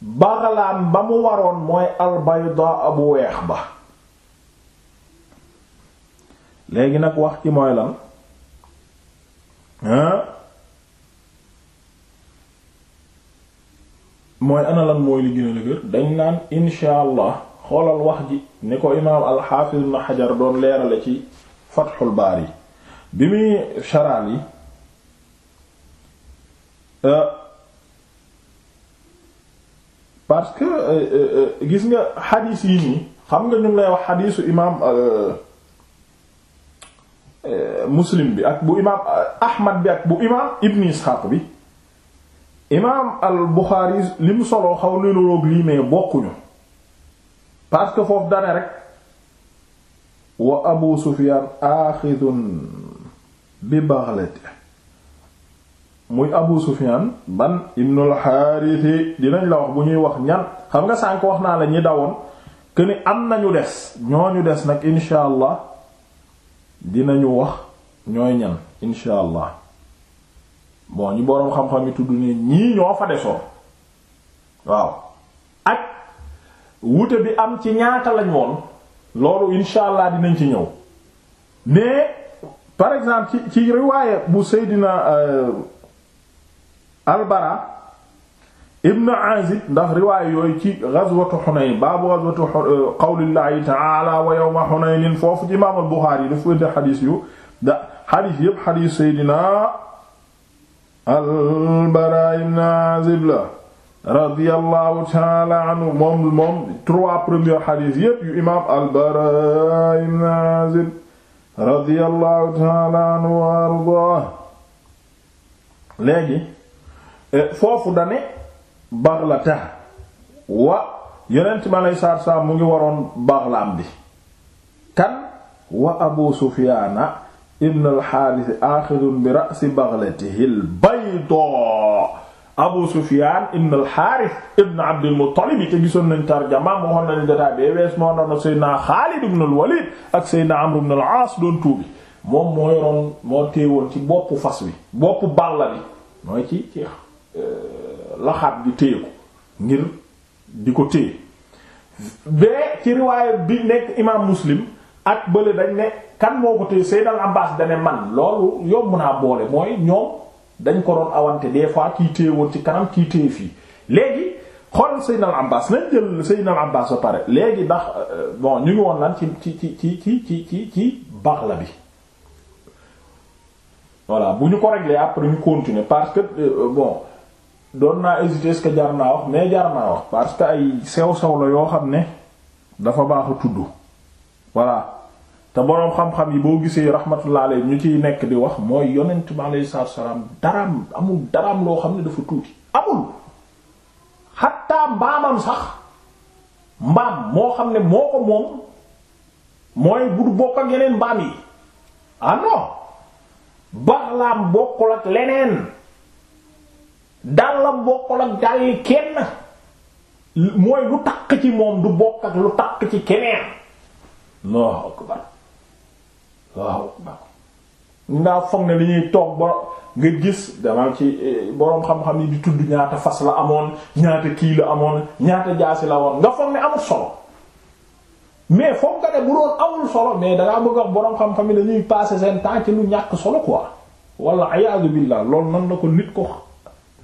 Speaker 1: Baglaan ba mu waroon mooy al baydaa weex ba léegi nag wax ci mooy lan hein mooy ana lan mooy li gën a dañ naan insha allah xoolal wax ji ni ko imaam alxaafiz ibn xajar doon leerale ci fatxul yi bi muy sharaal yi euh, parce que euh, euh, gis nga xadiis yi nii xam nga ñu ngi lay wax xadiisu imaam muslim bi ak bu imaam ahmad bi ak bu imaam ibn isxaaq bi imaam al Buxaari li mu soloo xaw na niroog lii mais bokkuñu parce que foofu dane rek wa Abu Sufyaan aaxidun bi baxlati muy Abu Sufyaan ban ibnul Xaarisi dinañ la wax bu ñuy wax ñan xam nga sànk wax naa la ñi dawoon que ni am nañu des ñu des nag insha allah dinañu wax ñooy ñan insha allah bon ñu boroom xam-xam yi tudd ne ñoo fa desoon waaw ak wute bi am ci ñaata lañ woon loolu insha dinañ ci ñëw mais par exemple ci ci riwaaya bu Seydina euh, Albara Ibn Azib ndax riwaaya yooyu ci ghazwatu Hunayn baabu ghazwatu euh, qawlillahi ta'ala wa yawma Hunayn foofu ci imaam al-Bukhari daf ko indi xadiis yu da xadiis yépp xadiis Seydina al-Baraa la radiyallahu taala anhu moom moom trois premiers xadiis yépp yu imaam al-Baraa radiyallahu taala wa ardaah léegi e, foofu dane Baghlata wa yonent ma lay saar saar mu ngi waroon Baghlaam bi kan wa Abu Sufyaana ibn alxaarisi axidun bi rasi baglatihi lbayda abu sufyan ibn alxaaris ibn abdilmutalib yi te gisoon nañ tarjamaam waxoon nañu dataay bee wees moo doon seydna xaalid ibn alwalid ak seydna amr ibn alaas doon tuubi moom moo yoroon moo téewoon ci boppu fas wi boppu bàlla bi mooy ci ci euh, laxaat bi téye ngir di ko téye bee ci riwaaya bi nekk imaam muslim ak bële dañ ne kan moo ko téye Seydal Abbas dane man loolu yomb naa boole mooy ñoom dañ ko doon awante des fois kii téye woon ci kanam kii téye fii léegi xool Seydal Abbas nañ jël Seydal Abbas ba pare léegi ndax euh, bon ñu ngi woon lan ci ci ci ci ci ci ci ci baax la bi voilà bu ñu ko régler après ñu continuer parce que euh, bon doon naa hésiter est-ce que jar naa wax mais jar naa wax parce que ay sew sew la yoo xam ne dafa baax a tudd te boroom xam-xam yi boo gisee rahmatullah alayhi ñu ciy nekk di wax mooy yonent bi alayhi salaatu salaam daraam amul daraam loo xam ne dafa tuuti amul xatta mbaamam sax mbaam moo xam ne moo ko moom mooy bu du bokk ak yeneen mbaam yi ah ak leneen dàllam kenn mooy lu takk ci moom du bokk ak lu takk ci keneen Allahu akbar waaw ngaa foog ne li toog ba nga gis dama ci eh, boroom xam-xam yi di tudd ñaata fas la amoon ñaata kii la amoon ñaata jaasi la woon nga foog ne amul solo mais foog nga ne bu doon amul solo mais dangaa bëgg wax boroom xam-xam yi dañuy passer seen temps ci lu ñàkk solo quoi wala ayasu billah loolu nan na ko nit ko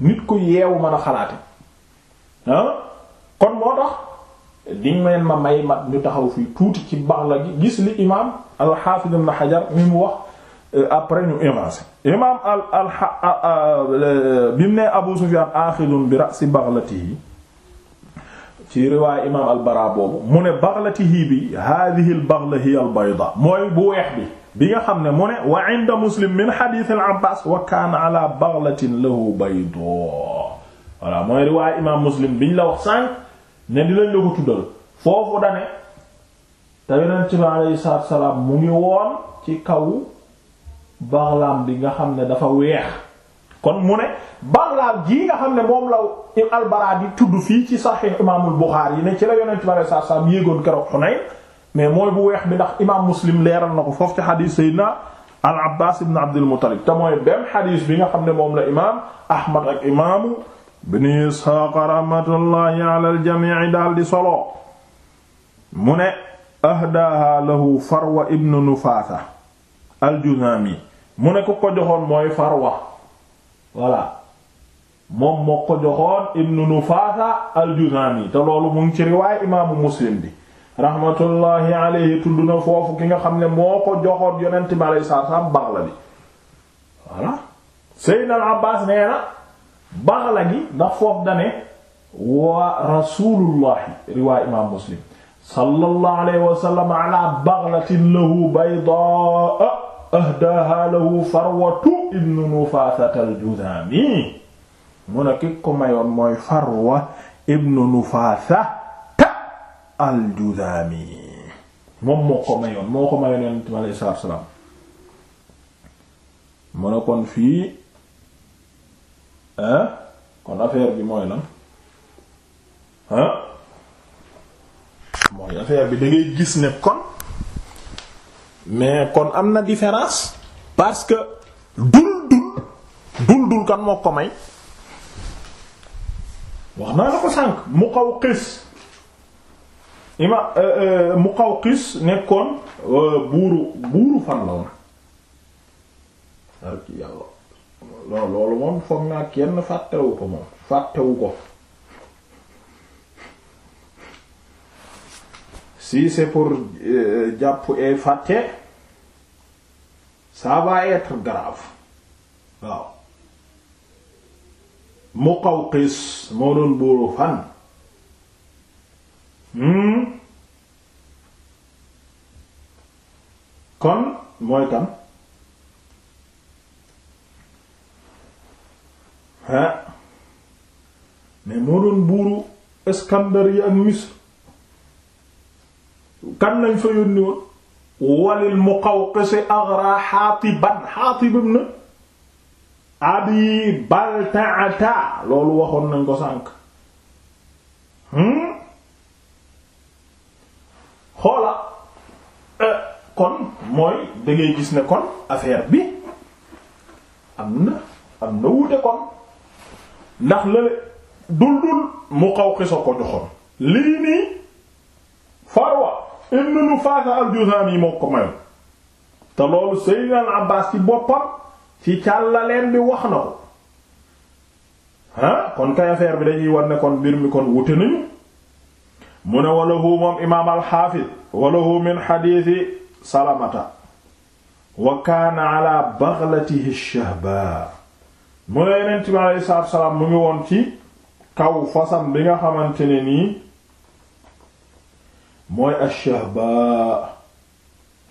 Speaker 1: nit ko yeewu mën a xalaate ah? diñ meen ma may ma ñu taxaw fii tuuti ci bax la gi gis li imam al-Hafiz ibn Hajar mi mu wax euh, après ñu évancé imam al al euh, bi mu ne Abu Sufyan axidun bi ra'si baghlatihi ci riwaaya imam al-Bara boobu mu ne baghlatihi bi hadhihi al-baghla hiya al-bayda mooy bu weex bi bi nga xam ne mu ne wa inda Muslim min hadith al-Abbas wa kana ala baghlatin lahu bayda voilà mooy riwaaya imam Muslim biñ la wax sànq ne dinañ la ko tuddal foofu dane te yonent bi salaam mu ngi woon ci kaw baxlaam bi nga xam ne dafa weex kon mu ne baxlaam jii nga xam ne moom la albaraat yi tudd fii ci saxiix imaamul Buxaari yi ne ci la yonent bi aleyhi salaatu wa salaam yéegoon keroog Xunayn mais mooy bu weex bi ndax imaam Muslim leeral na ko foofu ci xadiis Seydina al Abbaas ibn Abdul Muttalib te mooy benn xadiis bi nga xam ne moom la imaam Ahmad ak imaamu bnu isxaaqa raxmatullaahi ala aljamici daal di solo mu ne ahdaaha lahu farwa ibnu nufaasa aljuzaami mu ne ku ko joxoon mooy farwa voilà moom moo ko joxoon ibnu nufaasa aljuzaami te loolu mu ci riwaay imaamu muslim bi raxmatullaahi alayhi tudd na foofu ki nga xam ne moo ko joxoon yonent bi alayhi salaatu wa salaam bi voilà Seydina Abbaas nee na baxla gi ndax foofu dane wa rasulullahi riwaay imaam muslim sallallahu alayhi wa sallam ala baghlatin lahu baydaa ahdaha lahu farwatu ibnu nufaasata al-juzaami mu ne ki ko mayoon mooy farwa ibnu nufaasata al-juzaami moom moo ko mayoon moo ko mayoon yonent bi alayhi salaatu wa salaam mu ne kon fii hein kon affaire bi mooy lan hein mooy affaire bi da gis ne kon mais kon am na différence parce que dul dul dul dul kan moo ko may wax naa la ko sànq Muqawqis ima euh, euh, Muqawqis nekkoon euh, buuru buuru fan la non loolu moom foog naa kenn fàttewu ko moom fàttewu ko si c'est pour euh, jàpp et fàtte ça va être grave waaw Muqawqis moo doon buuru fan hmm? kon mooy kan ah mais moo doon buuru Iskandariya ak Misr kan lañ fa yónni walil Muqawqis aghra Haatiban Haatib ibn Abi Baltaata loolu waxoon nañ ko sànk hmm? xoola eh, kon mooy da gis ne kon affaire bi am na am na wuute kon ndax lële dul dul mu xaw ko joxoon lii nii Farwa ibn Nufaasa al-Juzaami moo ko mayoon loolu Seydina Abbaas ci boppam ci càllaleen bi wax na ko ah kon kay bi dañuy war kon mbir mi kon wute nañu mu ne walahu moom imaam alxaafid walahu min xadiisi salamata wa kaana ala baghlatihi shahba mu ne yonent bi aleyhi salaatu salaam mu ngi woon ci kaw fasam bi nga xamante ne nii mooy ash-shahba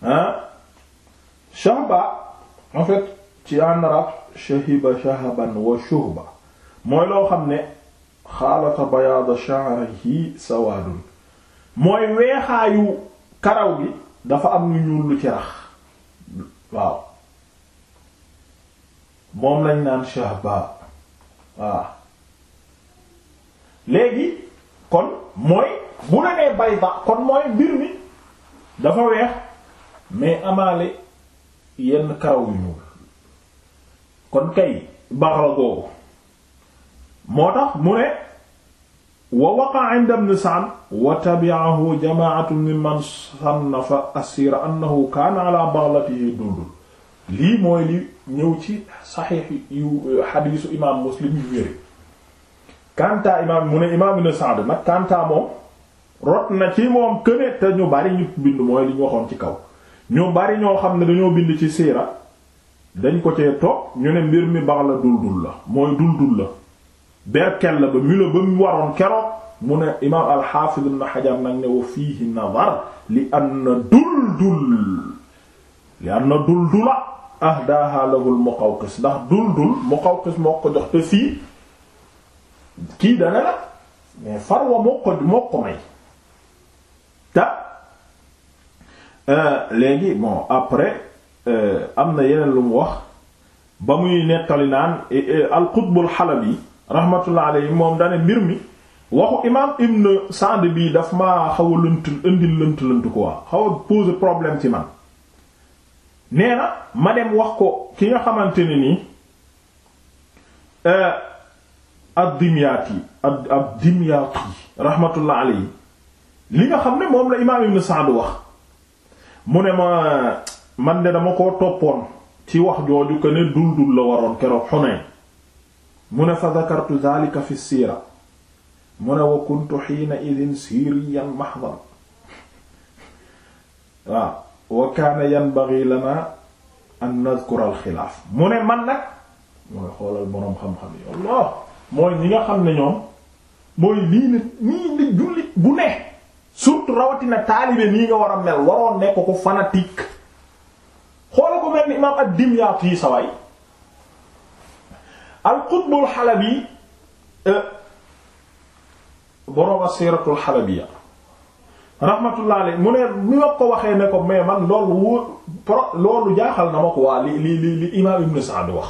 Speaker 1: ah shahba en fait ci en arabe shahiba shahaban wa shuhba mooy loo xam ne xaalata bayaada sha'rihi sawaadun mooy weexaayu karaw gi dafa am lu ñuul lu ci waaw moom lañ naan shahba waaw léegi kon mooy bu la bayda kon mooy mbir mi dafa weex mais amaale yenn karaw yu ñuul kon kay baxra googu moo tax mu ne wa waqa inda ibn Sa'd wa tabi'ahu jama'atun mimman sannafa asira annahu kana ala baghlatihi dundul lii mooy li ñëw ci saxiix yu euh, xadiisu imaam muslim yu wére kanta imaam mu ne imaam ibn Sa'd nag kanta moom rot na ci moom këne te ñu bari ñu bind mooy li ñu waxoon ci kaw ñu bari ñoo xam ne dañoo bind ci siira dañ ko cee toog ñu ne mbir mi bax la dul dul la mooy dul dul la berkel la ba mu la ba mu waroon keroog mu ne imaam al-Hafiz ibn nag ne wa fiihi nazar li anna dul dul li na dul dula ah daaxaalagul Muqawqis ndax dul dul Muqawqis moo ko jox te fii kii dana mais Farwa moo ko moo ko euh, après euh, am na yeneen lu mu wax ba muy nettali naan al-Qutbul Halabi rahmatullah alayhi moom dane mbir mi waxu imaam Ibn Sa'd bii daf ma xaw a lënt indi lënt lënt quoi xaw a poser problème nee na ma wax ko ki nga xamante ne nii ad-Dimyaati euh, ad-Dimyaati rahmatullah alayhi li nga xam ne moom la imaam Ibn Sa'd wax mu ne ma man de dama koo toppoon ci wax jooju ko ne dul dul la waroon keroog Hunayn mu ne fa dhakartu dhalika fi siira mu ne wa kuntu hiina idhin siiriyan mahdhan waaw wa kaana yanbaghi lana an nadhkura al xilaaf mu ne man nag mooy xoolal boroom xam-xam yi Allah mooy ñi nga xam ne ñoom mooy lii nit ñii nit jullit bu ne surtout rawatina taalibe nii nga war a mel waroon nekk ko fanatique xoolal ko mel ni imaam ad-Dimyaati yi saway al-Qutb al-Halabi eh, boroom siiratu al-Halabiyya rahmatullah alayhi mu ne mi ma ko waxee ne ko mais man loolu wóor pro loolu jaaxal na ma ko waa li li li imaam Ibn Sa'd wax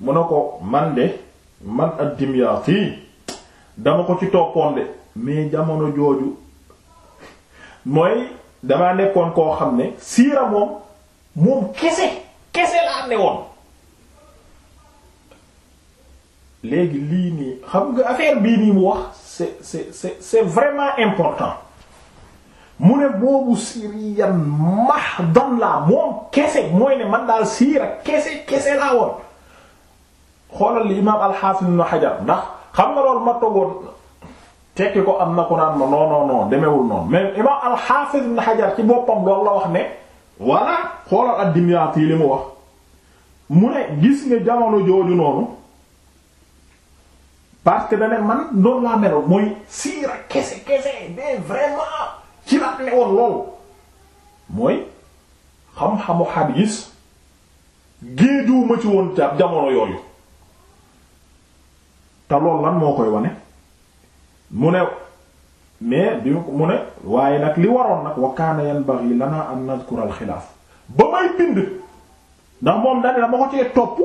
Speaker 1: mu ne ko man de man ad-Dimyaati dama ko ci toppoon de mais jamono jooju mooy damaa nekkoon koo xam ne siira moom moom kese kese laa ne woon léegi lii nii xam nga affaire bii nii mu wax c'est c'est c'est vraiment important mu ne boobu siriyan mahdan laa moom kese mooy ne man daal siira kese kese laa woon xoolal li imaam alxaafis ibn Hajar ndax xam nga loolu ma toggoon tekki ko am na ku naan ma non non demewul noonu mais imaam alxaafis ibn Hajar ci boppam loolu la wax ne voilà xoolal ad-Dimyaati li mu wax mu ne gis nga jamono jooju noonu parce que dane man noonu laa meloon mooy siira kese kese mais vraiment ci la ne woon loolu mooy xam-xamu xadiis géejuwuma ci woon ca jamono yooyu te loolu lan moo koy wane mu ne mais bi mu ne waaye nag li waroon nag wa kaana yanbaghi lana an nadhkura al xilaaf ba may bind ndax moom dane dama ko cee topp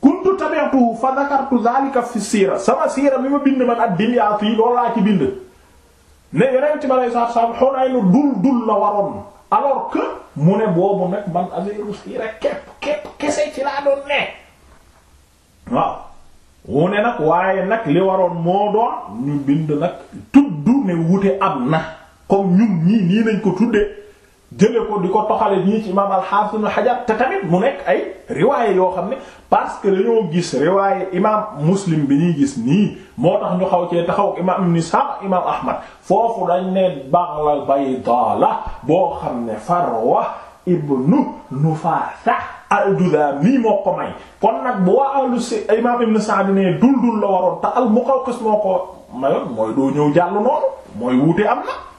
Speaker 1: kuntu tabi'tuhu fa dhakartu dhalika fi siira sama siira mi ma bind man ad-Dimyaati loolu laa ci bind ne yonent bi sa salaatu salaam Hunayn dul dul la waroon alors que mu ne boobu nag man affaire siira képp képp kese ci laa doon ne waaw wu ne nag waaye nag li waroon moo doon ñu bind nag tudd ne wute am na comme ñun ñii nii nañ ko tuddee jële ko di ko toxale nii ci imaam al-Hafiz ibn te tamit mu nekk ay riwaaye yoo xam ne parce que dañoo gis riwaaye imaam Muslim bi ñuy gis nii moo tax ñu xaw cee taxaw imaam Ibn Sa'd imaam Ahmad foofu dañ ne baxla bayda la boo xam ne Farwa ibnu Nufaasa al-Juzaami moo ko may kon nag bu waa ahlu imaam Ibn Sa'd ne duldul la waroon te al-Muqawqis moo ko mayoon mooy doo ñëw jàll noonu mooy wuute am na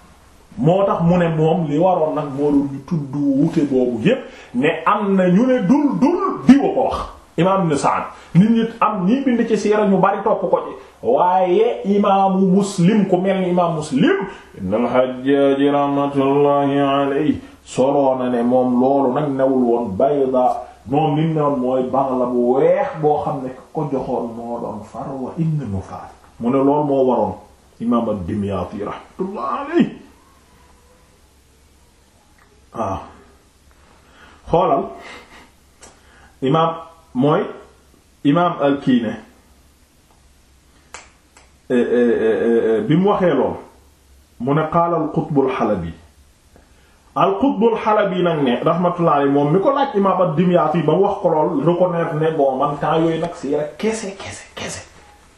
Speaker 1: moo tax mu ne moom li waroon nag moo doon ñu tudd wute boobu yépp ne am na ñu ne dul dul diwa ko wax imaam ibn Sa'd nit ñi am ñii bind ci siira ñu bari topp ko ci waaye imaamu Muslim ku mel ni imaam Muslim ibn al-Hajjaj rahmatullahi alayhi soloo na ne moom loolu nag newul woon bayda moom li newoon mooy ban la bu weex boo xam ne ko joxoon moo doon Farwa ibn Mufaar mu ne loolu moo waroon imaam ad-Dimyaati rahmatullahi alayhi waaw ah. xoolal imaam mooy imaam alkiine eh, eh, eh, bi mu waxee lool mu ne qaala al qutbul xalabi al qutbul xalabi nag ne rahmatullah moom mi ko laaj imaam ad-Dimyaati ba mu wax ko lool reconnaître ne bon man temps yooyu nag si rek kese kese kese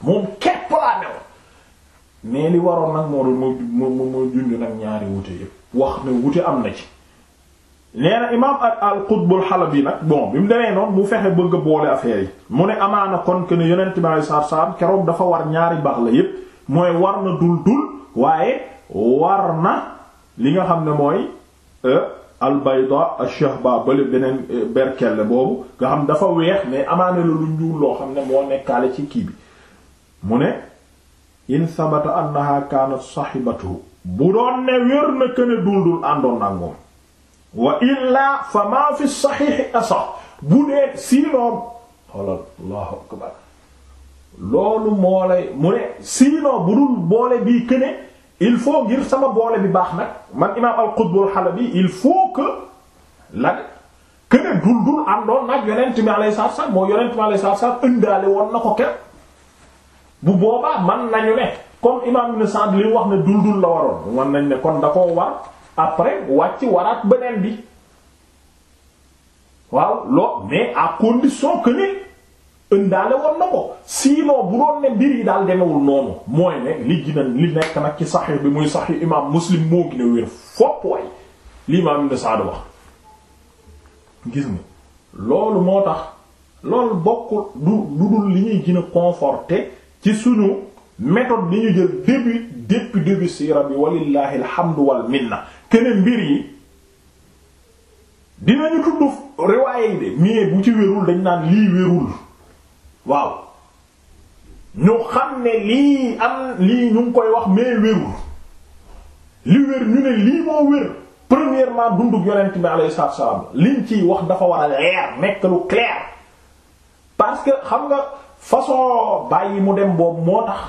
Speaker 1: moom képp laa newoon mais li waroon nag moo doon moo moo junj nag ñaari wute yëpp wax ne wute am na ci. nee na imaam al Qutb al Halabi nag bon bi mu demee noonu mu fexe bëgg a boole affaire yi mu ne amaana kon que ne yonent bi saa saam keroog dafa war ñaari baax la yépp mooy war na dul dul waaye war na li nga xam ne mooy euh, al bayda al shahba bale beneen euh, berkelle boobu nga xam dafa weex mais amaana la lu njuul loo xam ne moo nekkaale ci kii bi mu ne in sabata annaha kanat sahibatu bu doon ne wér na que ne dul dul àndoon ak moom wa illaa fa maa fi saxiix asax bu dee sinon xoolal allahu akbar loolu moo mu ne sinon bu dul boole bi que ne il faut ngir sama boole bi baax na man imaam al-Qutb al-Halabi il faut que la que ne dul dul àndoon nag yonent mi alayhi salaatu salaam moo yonent mi alayhi salaatu salaam ëndaale woon na ko kenn bu boobaa man nañu ne comme imaam Ibn Sa'd li wax ne dul dul la waroon wan nañ ne kon da war. après wàcc waraat beneen bi waaw loo mais à condition que ni ëndaale woon na ko sinon bu doon ne mbir yi daal demewul noonu mooy ne li gina li nekk nag ci saxiix bi muy saxiix imaam muslim moo gën a wér fopp way li imaam Ibn Sa'd wax gis nga loolu moo tax loolu bokkul du du dul li ñuy gën a ci suñu méthode bi ñu jël début depuis début siira bi walillahi alhamdu wal minna kene mbir yi dinañu tudd riwaaye yi de bu ci wérul dañ naan lii wérul waaw ñu xam ne lii am lii ñu ngi koy wax mais wérul li wér ñu ne lii moo wér premièrement dundug yonent bi alayhi salaatu salaam liñ ciy wax dafa war a leer nekk lu clair parce que xam nga façon bàyyi mu dem boobu moo tax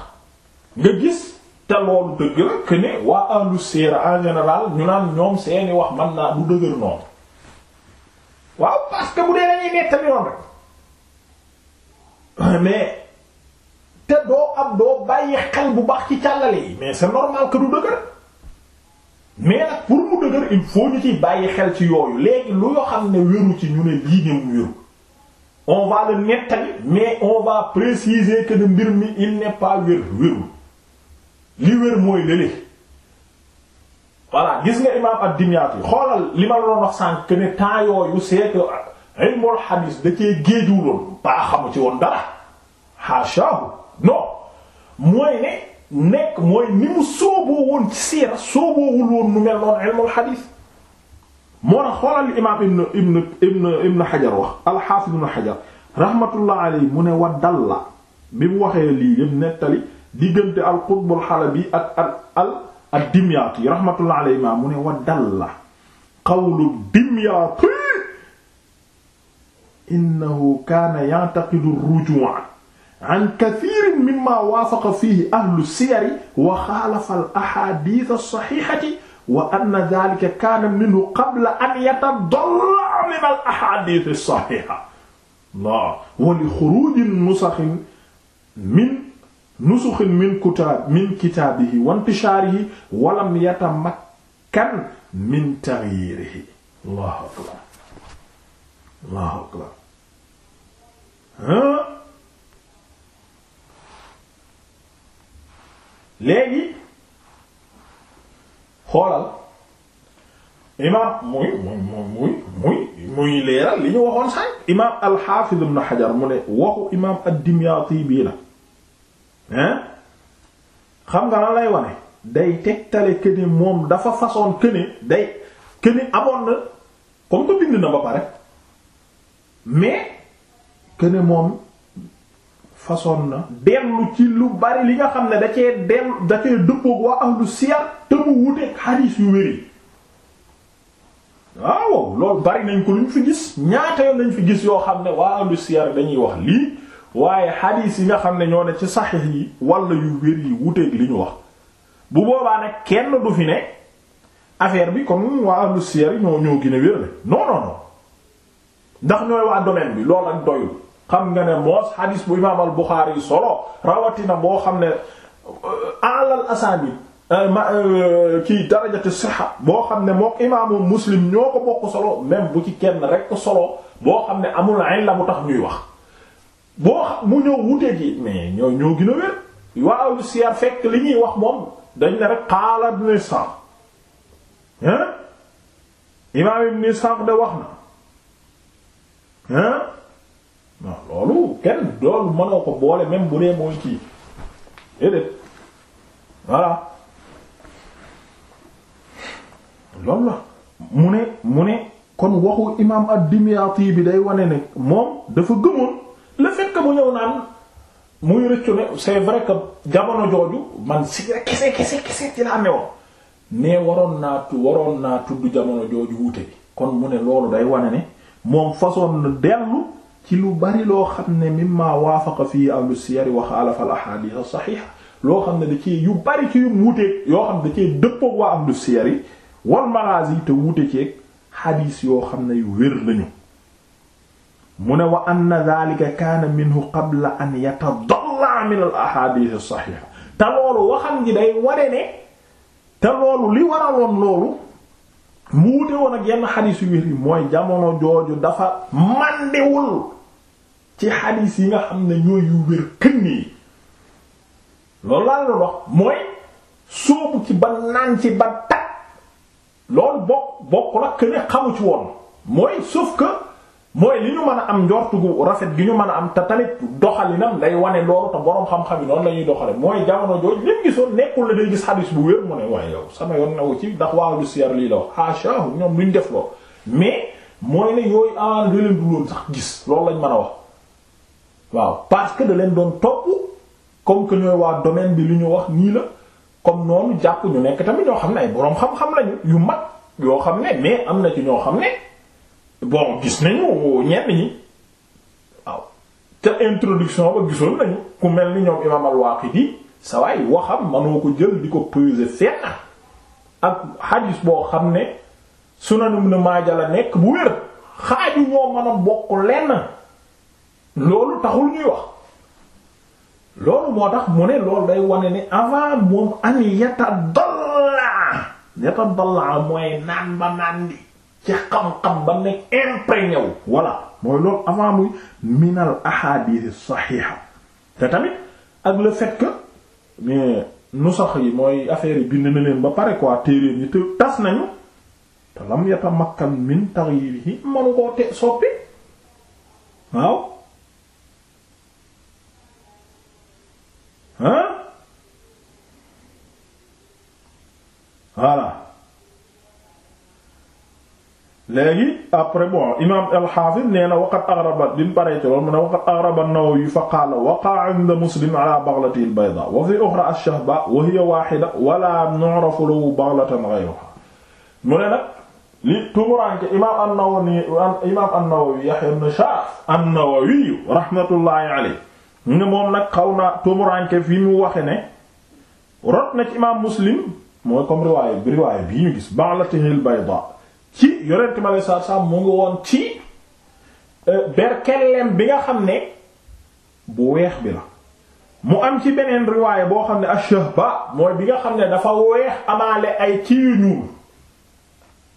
Speaker 1: nga gis te loolu dëgg la que waa ahlu siira en général ñu naan ñoom seeni wax man naa du dëgër noonu waaw parce que bu dee dañuy nettali yoon rek mais te doo am doo bàyyi xel bu baax ci càllale yi mais c'est normal que du dëgër mais nag pour mu dëgër il faut ñu ci bàyyi xel ci yooyu léegi lu yoo xam ne wéru ci ñu ne lii ne mu wéru on va le nettali mais on va préciser que ne mbir mi il n'est wér wéru li wér mooy lële voilà gis nga imaam ad-Dimyaati xoolal li ma la doon wax sànq que ne temps yooyu da cee géejuwuloon baa ci woon dara haashaahu non mooy ne nekk mooy ni mu sooboo woon ci siira sooboowul woon nu mel noonu ilmul hadis moo tax xoolal li imaam wax al-Haafiz ibn mu ne wa dalla bi mu waxee lii yëpp nettali. diggante al qutbul xalabi ak al al ak dimyaati yi rahmatullah alayhi ma mu ne wa dalla qawlu dimyaati innahu kaana ya'taqidu ar-ruju' an kathirin mimma waafaqa fihi ahlu siyari wa xaalafa al ahadith as-sahihati wa anna dhalika kaana minhu qabla an yatadalla min al ahadith as-sahiha la wa li khuruj nusakh min nusuxin min kutaab min kitaabihi wantishaarihi walam yatamakkan min taghyirihi allahu akbar allahu akbar léegi xoolal imaam muy muy muy muy muy leeral li ñu waxoon sax imaam al-Hafiz ibn Hajar mu ne waxu imaam ad-Dimyati bii la xam nga lan lay wane day tegtale këne moom dafa façon këne day këne amoon na comme que bind na ba pare mais këne moom façon na dellu ci lu bari li nga xam ne da cee dellu da cee dëppoog waa ahlu te mu wuteeg xadiis yu wéri waaw loolu bari nañ ko luñ fi gis ñaata yoon lañ fi gis yoo xam ne waa ahlu siyar dañuy wax lii waaye xadiis yi nga xam ne ñoo ne ci saxiix yi wala yu wér yi wuteeg li ñu wax bu boobaa nag kenn du fi ne affaire bi comme waa ahlu siyar yi ñoo ñoo gën a wér non non non ndax ñooy waa domaine bi lool ak doyul xam nga ne moos xadiis bu imaam al solo rawatina boo xam ne euh, alal asaani euh, euh, kii darajatu sixa boo xam ne mook imaamu muslim ñoo ko bokk solo même bu ci kenn rek ko solo boo xam ne amul ay la bu tax ñuy wax. boo mu ñëw wuteeg yi mais ñoo ñoo gën a wér waaw siyaar fekk li ñuy wax moom dañ ne rek qaala ibn Ishaq imaam ibn Ishaq de wax na hein loolu kenn loolu mënoo ko boole même bu dee mooy kii déedéet voilà loolu la mu ne mu ne kon waxu imaam ad-Dimyati bi day wane ne moom dafa gëmoon le fait que mu ñëw naan muy rëccu ne c'est vrai que jamono jooju man si kese kese kese ci la amee woon waroon naa tudd jamono jooju wuute kon mu ne loolu day wane ne moom façon na dellu ci lu bari loo xam ne mimma waafaqa fii ahlu siyar wa wax al ahadith as saxiixa loo xam ne da ci yu bari ci yoo xam ne da cee dëppoog waa ahlu siyar yi wal maghazi te wuute ceeg xadiis yoo xam ne yu wér lañu mu ne wa anna dhalika kaana minhu qabla an yatadalla min al ahadith as sahiha te loolu waxam ji day ware ne te loolu li waraloon loolu mu wute woon ak yenn xadis yu wér yi mooy jamono jooju dafa màndewul ci xadis yi nga xam ne ñooy yu wér kënn yi loolu laa la wax mooy soobu ci ba naan ci ba tag loolu bokk bokk la këne xamu ci woon mooy sauf que mooy li ñu mën a am njortu gu rafet gi ñu mën a am te tamit doxalinam day wane loolu te borom xam-xam yi noonu la ñuy doxale mooy jamono jooju lim gisoon nekkul la day gis xadis bu wér mu ne waaye yow sama yoon na wu ci ndax waaw lu siyar lii la wax ah, ñoom duñ def lool mais mooy ne yooyu en ah, leen du loon sax gis loolu lañ mën a wax waaw parce que da leen doon topp comme que ñooy waa domaine bi lu ñu wax nii la comme noonu jàpp ñu nekk tamit ñoo xam ne ay boroom xam-xam lañu yu mag yoo xam ne mais am na ci ñoo xam ne. bon gis nañu ñenn ñi waaw te introduction ba gisoon nañu ku mel ni ñoom imaam al-Waaqidi sa waxam manoo ko jël di ko peser fenn ak hadis boo xam ne Sunan Ibn Maaja la nekk bu wér xaaju ñoo mën a bokk lenn loolu taxul ñuy wax loolu moo tax mu ne loolu day wane ne avant moom an yata dalla yata dalla mooy naan ba naan di ci xam-xam ba nekk imprégné wu mooy loolu avant muy minal ahadith saxiixa te tamit ak le fait mais nu yi mooy affaire yi bind na leen ba pare quoi téere ñi te tas nañu te lam yatamakkan min taxyirihi manu koo te soppi waaw hein voilà léegi après bon imaam al-Hafiz nee na waqad aghraba bi mu paree ci loolu mu ne waqad aghraba an-Nawawi fa qaala waqa'a 'inda Muslim 'ala baghlatihi al-bayda wa fi ukhra ash-shahba wa hiya wahida wa la nu'rafu lahu baghlatan ghayruha mu ne nag li tumuranke imaam an-Nawawi imaam an-Nawawi Yahya ibn Sharaf an-Nawawi rahmatullahi alayhi ne moom nag xaw na tumuranke fi mu waxe ne rot na ci imaam Muslim mooy comme riwaaya bi riwaaya bii ñu gis baghlatihi al-bayda ci yonent ma lay saa saa mu ngi woon ci euh, berkellem bi nga xam ne bu weex bi la mu am ci beneen riwaaya boo xam ne ashahba mooy bi nga xam ne dafa weex amaale ay ci yu ñuul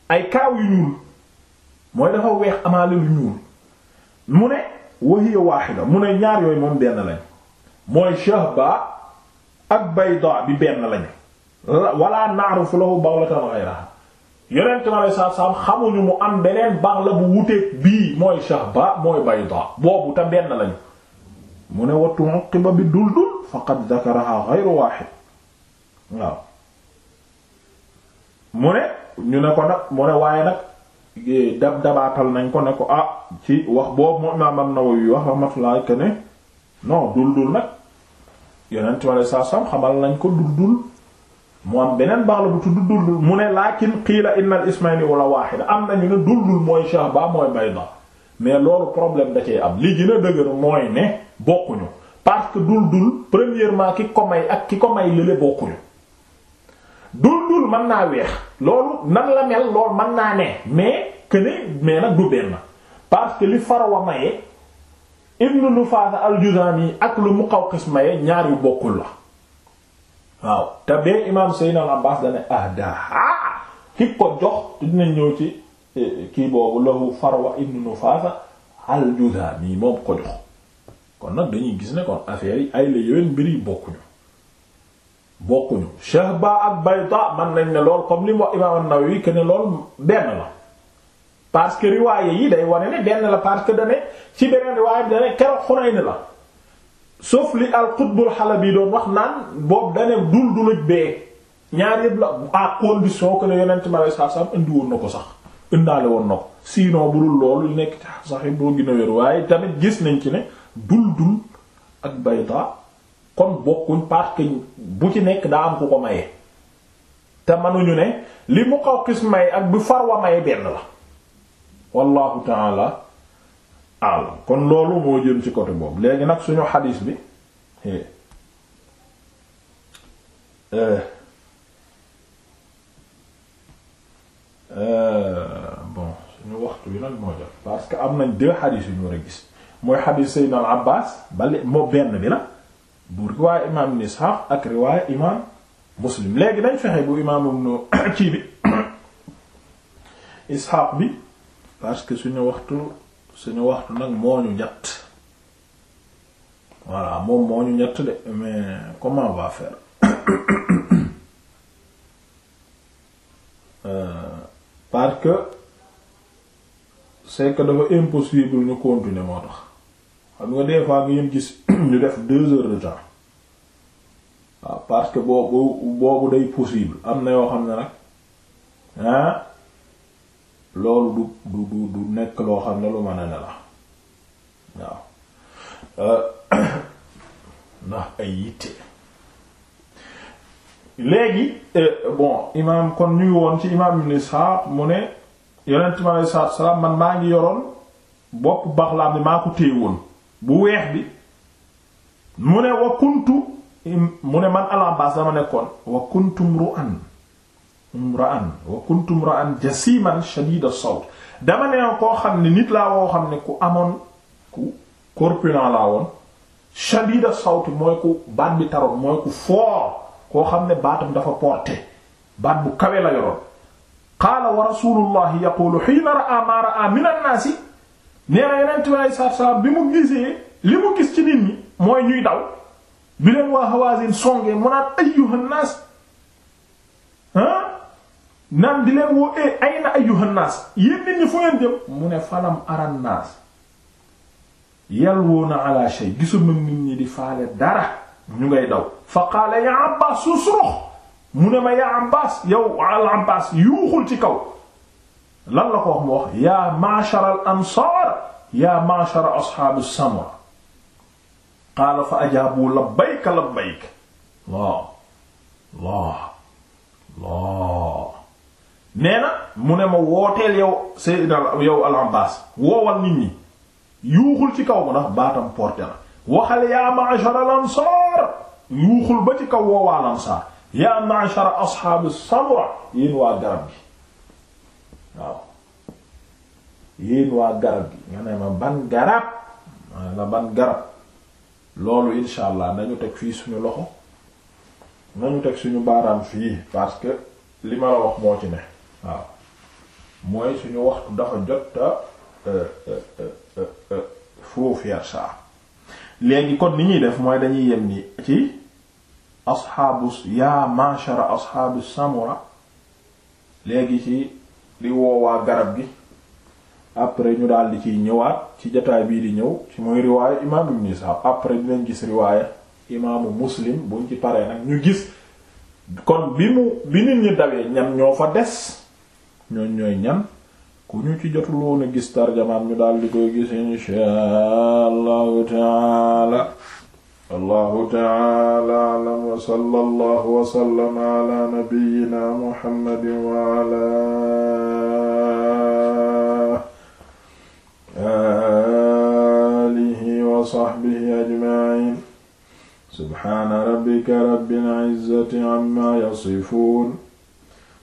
Speaker 1: ay kaaw yu ñuul mooy dafa weex amaale lu ñuul mu ne wahiya waaxida mu ne ñaar yooyu moom benn lañ mooy shahba ak bayda bi benn lañ wala na'rifu lahu bawlatan ghayraha yonent mi aleyhi salaatu xamuñu mu am beneen baax la bu wuteeg bii mooy shahba mooy bayda boobu te benn lañu mu ne wattu uqiba bi dul dul faqad dakaraha ghayru wahid waaw mu ne ñu ne ko nag mu ne waaye nag e, dab dabaatal nañ ko ne ko ah ci wax boobu moom imaam an-Nawawi wax rahmatullahi ne non dul dul nag yonent mi aleyhi salaatu xamal nañ ko dul dul mu am beneen baax la bu tudd duldul mu ne lakin qiila innal ismayni wala waaxida am na nañu ne duldul mooy shahba mooy bayda mais loolu problème da cee am li gën a dëgër mooy ne bokkuñu parce que duldul premièrement ki ko may ak ki ko may lële bokkuñu duldul mën naa weex loolu nan la mel loolu mën naa ne mais que ne mais nag du benn parce que li Farwa maye ibnu Nufaasa al ak lu Muqawqis maye ñaar yu bokkul la. waaw te bee imaam Seydina Abbaas dana ah, ahdaha ki ko jox dinañ ñëw ci eh, kii boobu lahu Farwa ibn Nufaasa al-Juzaami moom ko jox kon nag dañuy gis ne kon affaire ay la yowén mbir yi bokkuñu bokkuñu Shahba ak Bayda man nañ ne lool comme li mu wax imaam an-Nawawi que lool benn la parce que yii day wane ne benn la parce que dane ci beneen riwaaye dane keroog Xunayn la sauf li al qutbul halabi doon wax naan boobu dane dul duluj bee ñaar yëpp la à condition que ne yonent mi alei satu salaam indi woon na ko sax indaale woon na ko sinon bu dul loolu li nekk ci sax yi boo gën a wér waaye tamit gis nañ ci ne dul dul ak bayda kon bokkuñ parce que bu ci nekk daa am ku ko maye te manuñu ne li Muqawqis may ak bi Farwa maye benn la wallahu taala aalam kon loolu moo jël ci côté boobu léegi nag suñu xadiis bi eh, eh, eh, bon suñu waxtu bi nag moo jot parce que am nañ deux xadiis yu ñu war a gis mooy xadiis Seydina al Abbaas bale moo benn bi la bu riwaaya imaam Ibn ak riwaaya imaam Muslim léegi dañ fexe bu imaam Ibn kii bi parce que suñu waxtu suñu waxtu nag moo ñu ñett voilà moom moo ñu ñett de mais comment on va faire euh, parce que c'est que dafa impossible ñu continuer moo tax xam nga des fois ngeen gis ñu def deux heures de temps waaw parce que boobu boobu day possible am na yoo xam ne nag loolu du du du nekk loo xam ne lu mën a ne la waaw euh, ndax ay yitte léegi euh, bon imaam kon ñuy woon ci imaam ibn mu ne yonent mi aleyhi salaatu wa man maa ngi yoroon bopp baxlaam bi maa ko téye woon bu weex bi mu ne wa kuntu mu ne man al dama nekkoon wa kuntum ru'an imra'an wa kuntu imra'an jasiman shadid as-sawt dama ne koo xam ne nit laa woo xam ne ku amoon ku corpulent laa woon shadid as-sawt mooy ku baat bi taroon mooy ku foor koo xam ne baatam dafa porté baat bu kawe la yoroon qaala wa rasulullahi yaqulu hiina ra'a ma ra'a min an-naasi nee na yeneen tubaab saaf saaf bi mu gisee li mu gis ci nit mooy ñuy daw bi leen waa Hawaazin songee mu naan ayyuhan naas ah naan di leen woo e eh, ay na ayyuhan naas yéen nit ñi fu ngeen jëm mu ne falam aran naas yalwoona ala shay gisuma nit ñi di faale dara ñu ngay daw fa qaala ya abbas susrux mu ne ma ya abbas yow al abbas yuuxul ci kaw lan la ko wax mu wax ya ma'shar al ansar ya ma'shar ashab as-samura qaala fa ajaabu labbayka labbayka allah allah allah nee na mu ne ma wooteel yow Seydina yow al-Abbaas woowal nit ñi yuuxul ci kaw mu ndax baatam porté la waxal yaa ma'shar al yuuxul ba ci kaw woowaal ansaar yaa ma'shar ashaabu samura yéen waa garab gi waaw yéen waa garab gi nga ne ma ban garab ma la ban garab loolu insha nañu teg fii suñu loxo nañu teg suñu baaraam fii parce que li ma la wax moo ci ne waaw mooy suñu waxtu dafa jotta faut faire ça léegi kon ni ñuy def mooy dañuy yem ni ci asxaabu yaa mashara xaabu samura léegi ci di woowaa garab gi après ñu daal di ciy ñëwaat ci jataay bii di ñëw ci mooy riwaaya imaamu ibn Isaaq après dinañ gis riwaaya imaamu muslim buñ ci paree nag ñu gis kon bi mu bi nit ñi dawee ñam ñoo fa des ñooñ ñooy ñan ku ñu ci jotul woon a gis tarjamaam ñu daal di koy gis inshaa allahu taala allahu taala alam wa sallallahu wa sallama ala nabiyyina muhammadin wa ala alihi wa sahbihi ajma'in subhana rabbika rabbil izzati amma yasifun